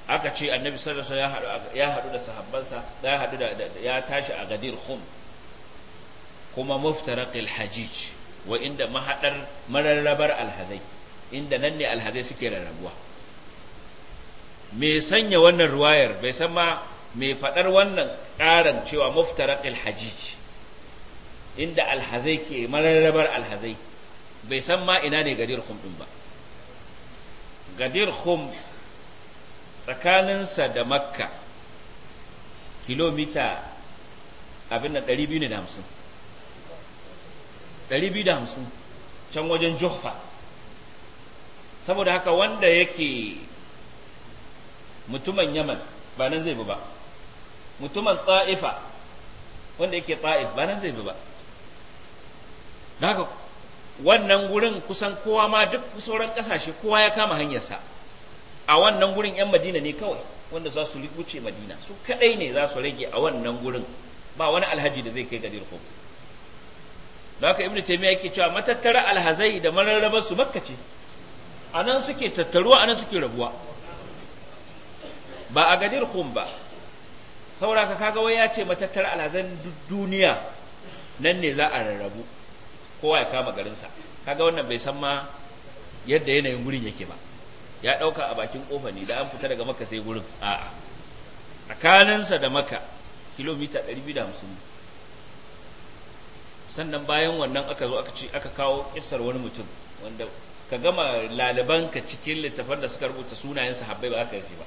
Speaker 2: aka ce annabi sallallahu alaihi ya haɗu da sahabbansa ya haɗu da ya tashi a gadir khum kuma muftaraqil hajij wa inda mahadar mararrabar alhazai inda nan ne alhazai suke rarrabuwa mai sanya wannan ruwayar bai san ma mai faɗar wannan ƙaran cewa muftarar alhaji inda alhazai ke mararrabar alhazai bai san ma ina ne gadir khum ɗin ba gadir khum tsakaninsa da makka kilomita abin da 250 250 can wajen juhfa saboda haka wanda yake mutumin yaman ba nan zai bi ba mutumin ta'ifa wanda yake ta'if ba nan zai bi ba da haka wannan gurin kusan kowa ma duk sauran kasashe kowa ya kama hanyarsa a wannan gurin 'yan madina ne kawai wanda za su wuce madina su kadai ne za su rage a wannan gurin ba wani alhaji da zai kai gadir ko da haka ibnu taymiya yake cewa matattara alhazai da mararraba su makka ce anan suke tattaruwa anan suke rabuwa ba a gadir kun ba sauraka kaga wai ya ce matattar alhazan duniya nan ne za a rarrabu kowa ya kama garinsa kaga wannan bai san ma yadda yanayin gurin yake ba ya ɗauka a bakin ƙofa ne da an fita daga maka sai gurin a'a tsakaninsa da maka kilomita 250 sannan bayan wannan aka zo aka ce aka kawo kissar wani mutum wanda ka gama ka cikin littafan da suka rubuta sunayen sahabbai ba aka yi ba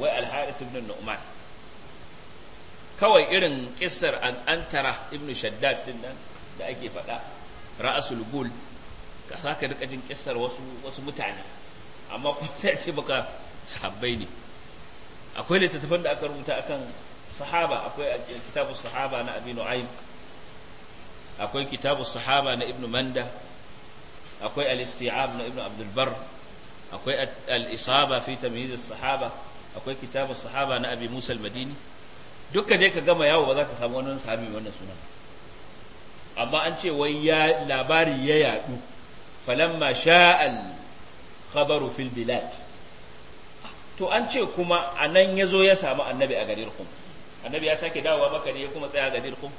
Speaker 2: wai al-haris ibn nu'man kawai irin kissar an antara ibn shaddad din nan da ake faɗa ra'asul gul ka saka rika jin kissar wasu wasu mutane amma kuma sai a ce baka sahabbai ne akwai littattafan da aka rubuta akan sahaba akwai kitabus sahaba na Abinu nu'aym akwai kitabus sahaba na ibn manda akwai al-isti'ab na ibn abdul bar akwai al-isaba fi tamyiz as-sahaba akwai kitabar sahaba na abi musa al-madini dukka je ka gama yawo ba za ka samu wani sahabi wannan sunan amma an ce wai ya labari ya yadu falamma sha'al khabaru fil bilad to an ce kuma anan yazo ya samu annabi a garin kum annabi ya sake dawowa maka ne ya kuma tsaya a garin kum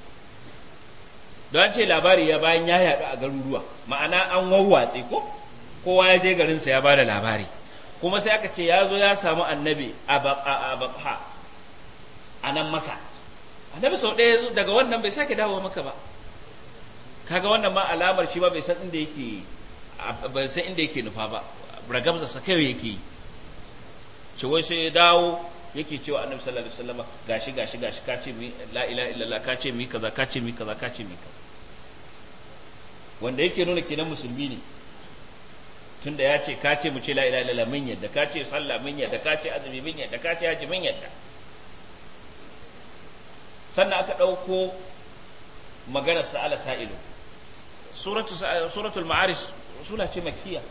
Speaker 2: don an ce labari ya bayan ya yadu a garuruwa ma'ana an wawwatse ko kowa ya je garinsa ya bada labari kuma sai aka ce ya zo ya samu annabi a babha a nan maka annabi sau ɗaya daga wannan bai sake dawo maka ba kaga wannan ma alamar shi ba bai san inda yake bai san inda yake nufa ba ragamsa sa kai yake yi ce wai sai ya dawo yake cewa annabi sallallahu alaihi wasallam gashi gashi gashi ka ce mi la ilaha illallah ka ce mi kaza ka ce mi kaza ka ce mi kaza wanda yake nuna kenan musulmi ne tunda ya ce ka ce mu ce la'ila ilaha min yadda ka ce sallah min yadda ka ce azumi min yadda ka ce haji min yadda sannan aka ɗauko maganar sa'ala sa'ilu suratul ma'aris sura ce makiya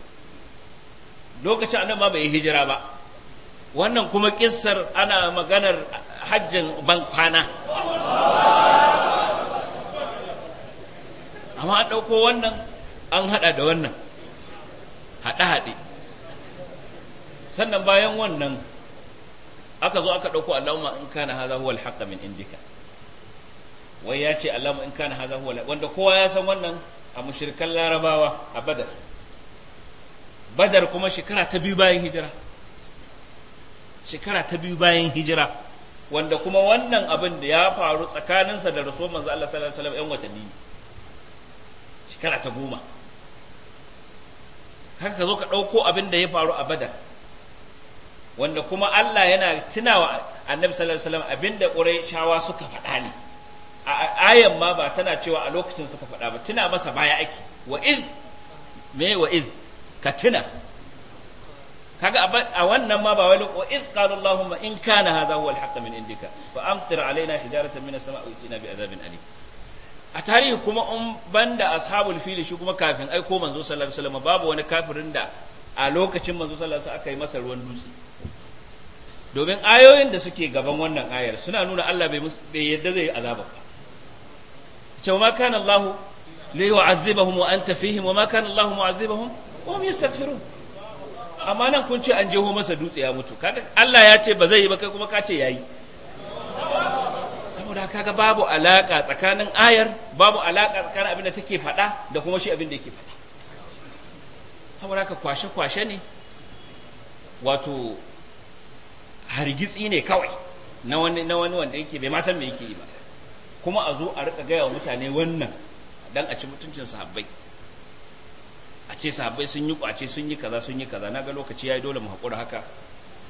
Speaker 2: lokacin annan ma bai hijira ba wannan kuma kissar ana maganar hajjin ban kwana amma an ɗauko wannan an haɗa da wannan haɗe-haɗe sannan bayan wannan aka zo aka ɗauko allama in kana haza huwa alhaqqa min indika wai ya ce alama in kana haza huwa wanda kowa ya san wannan a mushrikan larabawa a badar badar kuma shekara ta biyu bayan hijira shekara ta biyu bayan hijira wanda kuma wannan abin da ya faru tsakaninsa da rasuwar manzo Allah sallallahu alaihi wasallam yan watanni shekara ta goma haka ka zo ka ɗauko abin da ya faru a badar wanda kuma Allah yana tunawa annabi sallallahu alaihi wasallam abinda da shawa suka faɗa ne a ayan ma ba tana cewa a lokacin suka faɗa ba tuna masa baya ake wa iz me wa iz ka tuna kaga a wannan ma ba wai wa iz qala allahumma in kana hadha huwa al-haqq min indika fa amtir alaina hijaratan min as-sama'i wa bi adhabin alim a tarihi kuma in banda ashabul fili shi kuma kafin aiko manzo sallallahu alaihi wasallam babu wani kafirin da a lokacin manzo sallallahu alaihi wasallam aka yi masa ruwan dutse domin ayoyin da suke gaban wannan ayar suna nuna Allah bai yadda zai azaba ba cewa ma kana Allah li yu'azzibahum wa anta fihim wa ma kana Allah mu'azzibahum wa hum yastaghfirun amma nan kun ce an jeho masa dutse ya mutu kaga Allah ya ce ba zai yi ba kai kuma ka ce yayi saboda kaga babu alaka tsakanin ayar babu alaka tsakanin abin da take faɗa da kuma shi abin da yake faɗa saboda ka kwashe-kwashe ne wato hargitsi ne kawai na wani na wani wanda yake bai ma san me yake yi ba kuma a zo a rika gaya wa mutane wannan dan a ci mutuncin sahabbai a ce sahabbai sun yi kwace sun yi kaza sun yi kaza naga lokaci yayi dole mu hakura haka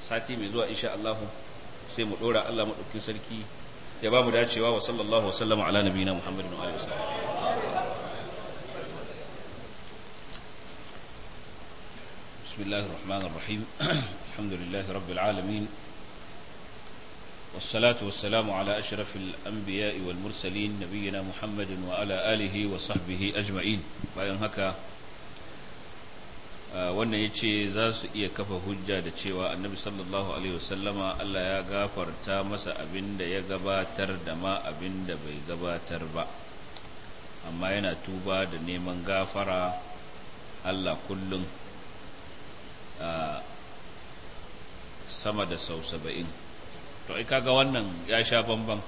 Speaker 2: sati mai zuwa insha Allah sai mu dora Allah madaukin sarki ya ba mu dacewa wa sallallahu wasallam ala nabiyina muhammadin wa alihi wasallam بسم الله الرحمن الرحيم الحمد لله رب العالمين والصلاة والسلام على أشرف الأنبياء والمرسلين نبينا محمد وعلى آله وصحبه أجمعين بعد هكا Ah, wannan ya ce za su iya kafa hujja da cewa annabi sallallahu alaihi wasallama Allah ya gafarta masa abin da ya gabatar da ma abin da bai gabatar ba amma yana tuba da neman gafara Allah kullum ah, sama da sau saba'in to ai kaga wannan ya sha bambam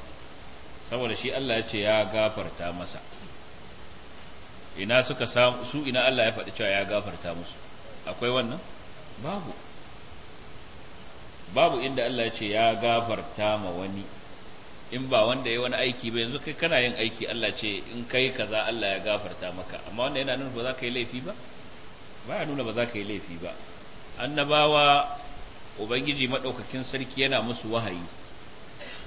Speaker 2: saboda shi Allah ya ce ya gafarta masa ina suka samu su ina Allah ya faɗi cewa ya gafarta musu akwai wannan babu babu inda Allah ya ce ya gafarta ma wani in ba wanda ya wani aiki ba yanzu kai kana yin aiki Allah ce in kai kaza Allah ya gafarta maka amma wanda yana nuna ba za ka yi laifi ba ba ya nuna ba za ka yi laifi ba annabawa ubangiji maɗaukakin sarki yana musu wahayi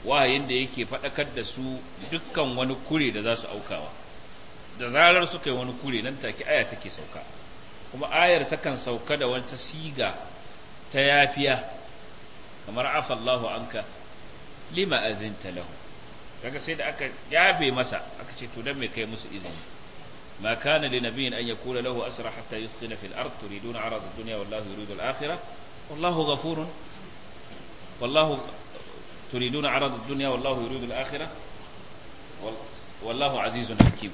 Speaker 2: wahayin da yake faɗakar da su dukkan wani kure da za su aukawa da zarar suka yi wani kure nan take aya take sauka kuma ayar takan sauka da wata siga ta yafiya kamar afallahu anka lima azinta lahu kaga sai da aka yabe masa aka ce to dan me kai musu izini ma kana li nabiyyin an yakula lahu asra hatta yusqina fil ard turiduna arad ad-dunya wallahu yuridu al-akhirah wallahu ghafurun wallahu turiduna arad ad-dunya wallahu yuridu al-akhirah wallahu azizun hakim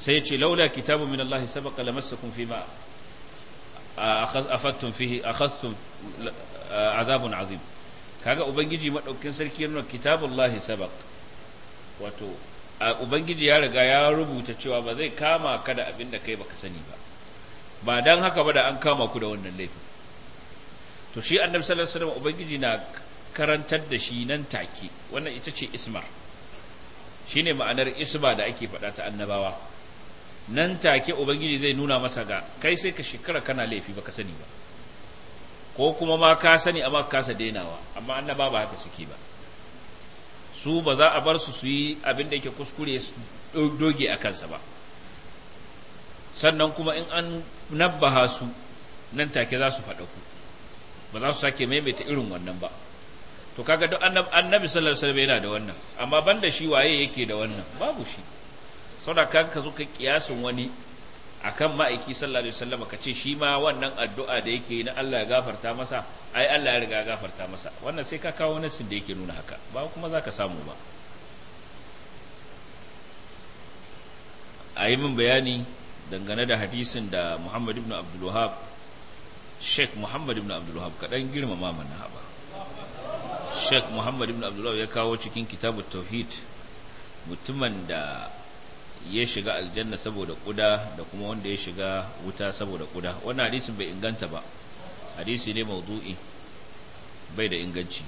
Speaker 2: sai ce laula kitabun min Allah sabaqa lamassakum fima akhadtum fihi akhadtum azabun azim kaga ubangiji madaukin sarki yana kitabullahi sabaq wato ubangiji ya riga ya rubuta cewa ba zai kama ka da abin da kai baka sani ba ba dan haka ba da an kama ku da wannan laifin to shi annabi sallallahu alaihi wasallam ubangiji na karantar da shi nan take wannan ita ce ismar shine ma'anar isma da ake faɗa ta annabawa nan take ubangiji zai nuna masa ga kai sai ka shekara kana laifi ka sani ba ko kuma ma ka sani amma ka kasa dainawa amma annaba ba haka suke ba su ba za a bar su su yi abin da yake kuskure su doge a kansa ba sannan kuma in an nabbaha su nan take za su faɗa ku ba za su sake maimaita irin wannan ba to kaga duk annabi sallallahu alaihi wasallam yana da wannan amma banda shi waye yake da wannan babu shi saboda kan ka zo ka kiyasin wani akan ma'aiki sallallahu alaihi wasallam ka ce shi ma wannan addu'a da yake na Allah ya gafarta masa ai Allah ya riga ya gafarta masa wannan sai ka kawo nasin da yake nuna haka ba kuma za ka samu ba a yi min bayani dangane da hadisin da Muhammad ibn Abdul Wahab Sheikh Muhammad ibn Abdul kaɗan girmama mana haba Sheikh Muhammad ibn Abdul ya kawo cikin kitabut tauhid mutumin da ya shiga aljanna saboda kuda da kuma wanda ya shiga wuta saboda kuda wannan hadisin bai inganta ba hadisi ne mawdu'i bai da inganci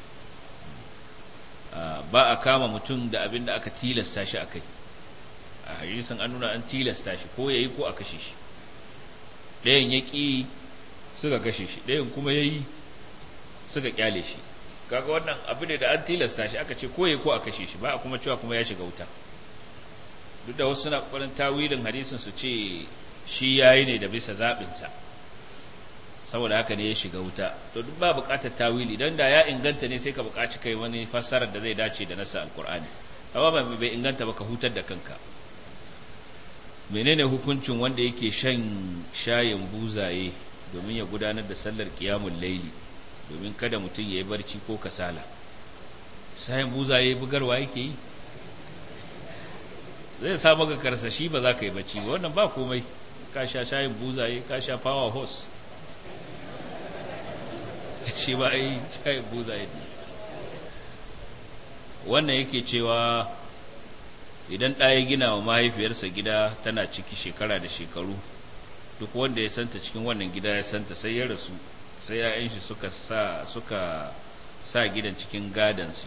Speaker 2: ah, ba a kama mutum da abin da aka tilasta shi a kai a hadisin an nuna an tilasta shi ko ya yi ko a kashe shi ɗayan ya ƙi suka kashe shi ɗayan kuma ya yi suka ƙyale shi kaga wannan abin da an tilasta shi aka ce ko ya yi ko a kashe shi ba a kuma cewa kuma ya shiga wuta duk da wasu suna ƙwarin tawilin hadisin su ce shi ya yi ne da bisa zaɓinsa saboda haka ne ya shiga wuta to duk ba buƙatar tawili don da ya inganta ne sai ka buƙaci kai wani fassarar da zai dace da nasa alƙur'ani amma bai inganta ba ka hutar da kanka menene hukuncin wanda yake shan shayin buzaye domin ya gudanar da sallar kiyamun laili domin kada mutum ya yi barci ko kasala shayin buzaye bugarwa yake yi zai sa maka shi ba za ka yi bacci ba wannan ba komai ka sha shayin buzaye ka sha power horse shi ba yi shayin buzaye wannan yake cewa idan ɗa ya gina wa mahaifiyarsa gida tana ciki shekara da shekaru duk wanda ya santa cikin wannan gida ya santa sai ya rasu sai 'ya'yan shi suka sa gidan cikin gadansu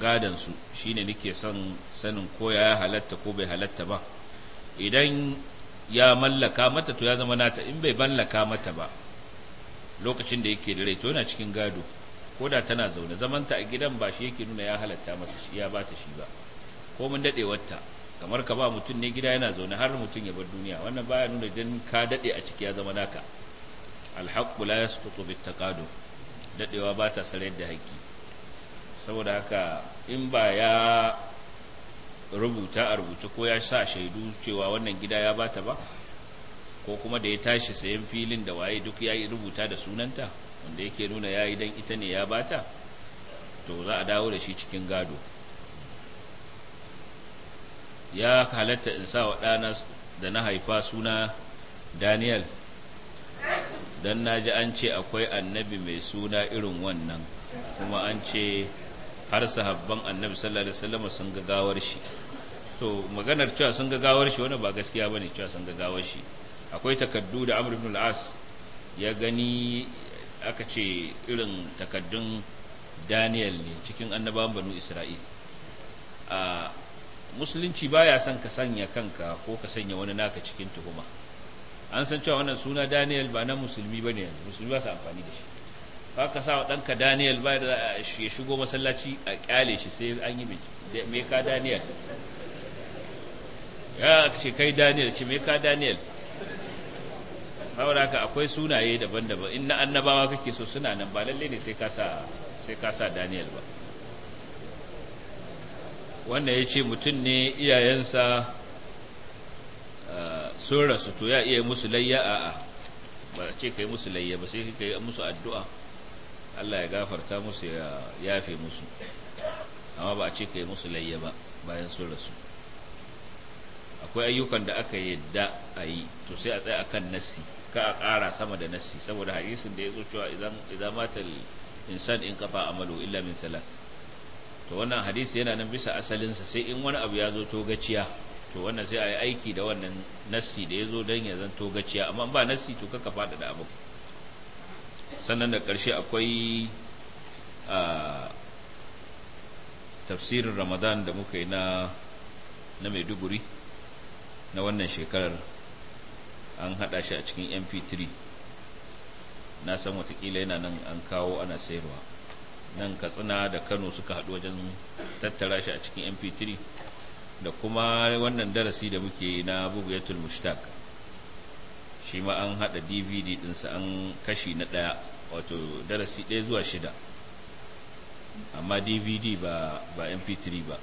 Speaker 2: gadan su shine nake son sanin ko ya halatta ko bai halatta ba idan ya mallaka mata to ya zama nata in bai mallaka mata ba lokacin da yake da rai to yana cikin gado ko da tana zaune zamanta a gidan ba shi yake nuna ya halatta masa shi ya bata shi ba ko mun wata kamar ka ba mutum ne gida yana zaune har mutum ya bar duniya wannan baya nuna dan ka dade a ciki ya zama naka alhaqqu la yasqutu taqadu dadewa ba ta sarar da hakki saboda haka in ba ya rubuta a rubuce ko ya sa shaidu cewa wannan gida ya bata ba ko kuma da ya tashi sayan filin da waye duk ya yi rubuta da sunanta wanda yake nuna ya yi don ita ne ya bata to za a dawo da shi cikin gado ya halatta in sa wa ɗana da na haifa suna daniel don na ji an ce akwai annabi mai suna irin wannan kuma an ce har sahabban annabi sallallahu alaihi wasallam sun ga gawar shi to maganar cewa sun ga gawar shi wannan ba gaskiya bane cewa sun ga gawar shi akwai takaddu da Amr ibn al-As ya gani aka ce irin takaddun Daniel ne cikin annabawan banu Isra'il a musulunci baya son ka sanya kanka ko ka sanya wani naka cikin tuhuma an san cewa wannan suna Daniel ba na musulmi bane musulmi ba su amfani da shi ba ka sa ɗanka daniel ba da ya shigo masallaci a kyale shi sai an yi bincike me ka daniel ya ce kai daniel ce me ka daniel akwai sunaye daban-daban in na annabawa kake so suna nan ba lalle ne sai ka sa daniel ba wannan ya ce mutum ne iyayensa ah, sun rasu to ya iya musu layya ba ce kai musu layya ba sai kai musu addu'a Allah ya gafarta musu ya yafe musu amma ba a ce ka yi musu layya ba bayan sun rasu akwai ayyukan da aka yadda a yi to sai a tsaya akan nassi ka a ƙara sama da nassi saboda hadisin da ya zo cewa idan matal insan in kafa amalu illa min thalath to wannan hadisi yana nan bisa asalinsa sai in wani abu ya zo to gaciya to wannan sai a yi aiki da wannan nassi da ya zo dan ya zan to gaciya amma ba nassi to ka kafa da abu sannan da ƙarshe akwai a tafsirin ramadan da muka yi na maiduguri na wannan shekarar an hada shi a cikin mp3 na san watakila yana nan an kawo ana sayarwa nan katsina da kano suka haɗu wajen tattara shi a cikin mp3 da kuma wannan darasi da muke na bugayatul mushtaq shi ma an haɗa dvd ɗinsa an kashi na ɗaya wato darasi ɗaya zuwa shida amma dvd ba ba mp3 ba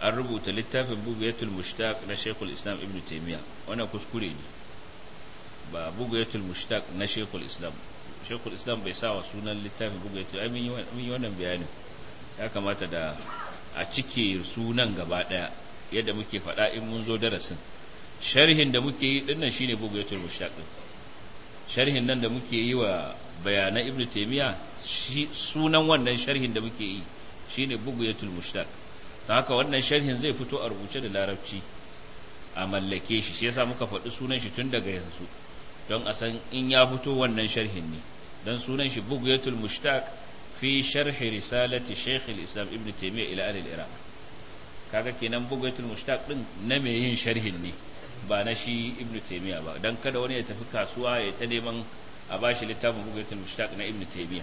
Speaker 2: an rubuta littafin bugayatul mushtaq na shekul islam ibn taimiyya wannan kuskure ne ba bugayatul mushtaq na shekul islam shekul islam bai sa wa sunan littafin bugayatul ai mun yi wannan bayanin ya kamata da a cike sunan gaba daya yadda muke faɗa in mun zo darasin sharhin da muke yi dinnan shine bugayatul mushtaq sharhin nan da muke yi wa bayanan ibn taimiyya sunan wannan sharhin da muke yi shine buguyatul mushtaq ta haka wannan sharhin zai fito a rubuce da larabci a mallake shi shi yasa muka faɗi sunan shi tun daga yanzu don a san in ya fito wannan sharhin ne don sunan shi buguyatul mushtaq fi sharhi risalati shaykh al-islam ibn taimiyya ila ahli iraq kaga kenan buguyatul mushtaq din na mai yin sharhin ne ba na shi ibn taimiyya ba don kada wani ya tafi kasuwa ya ta neman a bashi littafin bugayatul mushtaq na ibn taymiya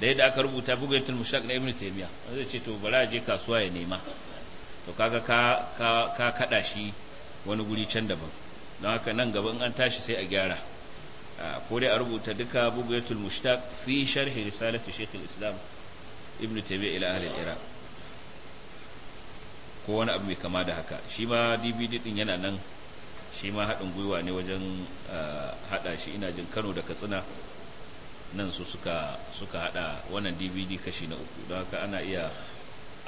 Speaker 2: da yadda aka rubuta bugayatul mushtaq na ibn taymiya zai ce to bara je kasuwa ya nema to kaga ka ka ka kada shi wani guri can daban don haka nan gaba in an tashi sai a gyara ko dai a rubuta duka bugayatul mushtaq fi sharhi risalati shaykh al-islam ibn taymiya ila ahli iraq ko wani abu mai kama da haka shi ma dvd din yana nan shi ma haɗin gwiwa ne wajen haɗa shi ina jin kano da katsina nan su suka haɗa wannan dvd kashi na uku don haka ana iya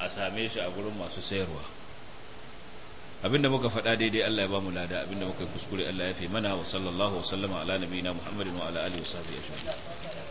Speaker 2: a same shi a gurin masu sayarwa abinda muka faɗa daidai Allah ya ba mu lada abinda muka yi kuskure Allah ya fi mana wa sallallahu wa sallama ala nabiyina Muhammadin wa ala alihi wa sahbihi ajma'in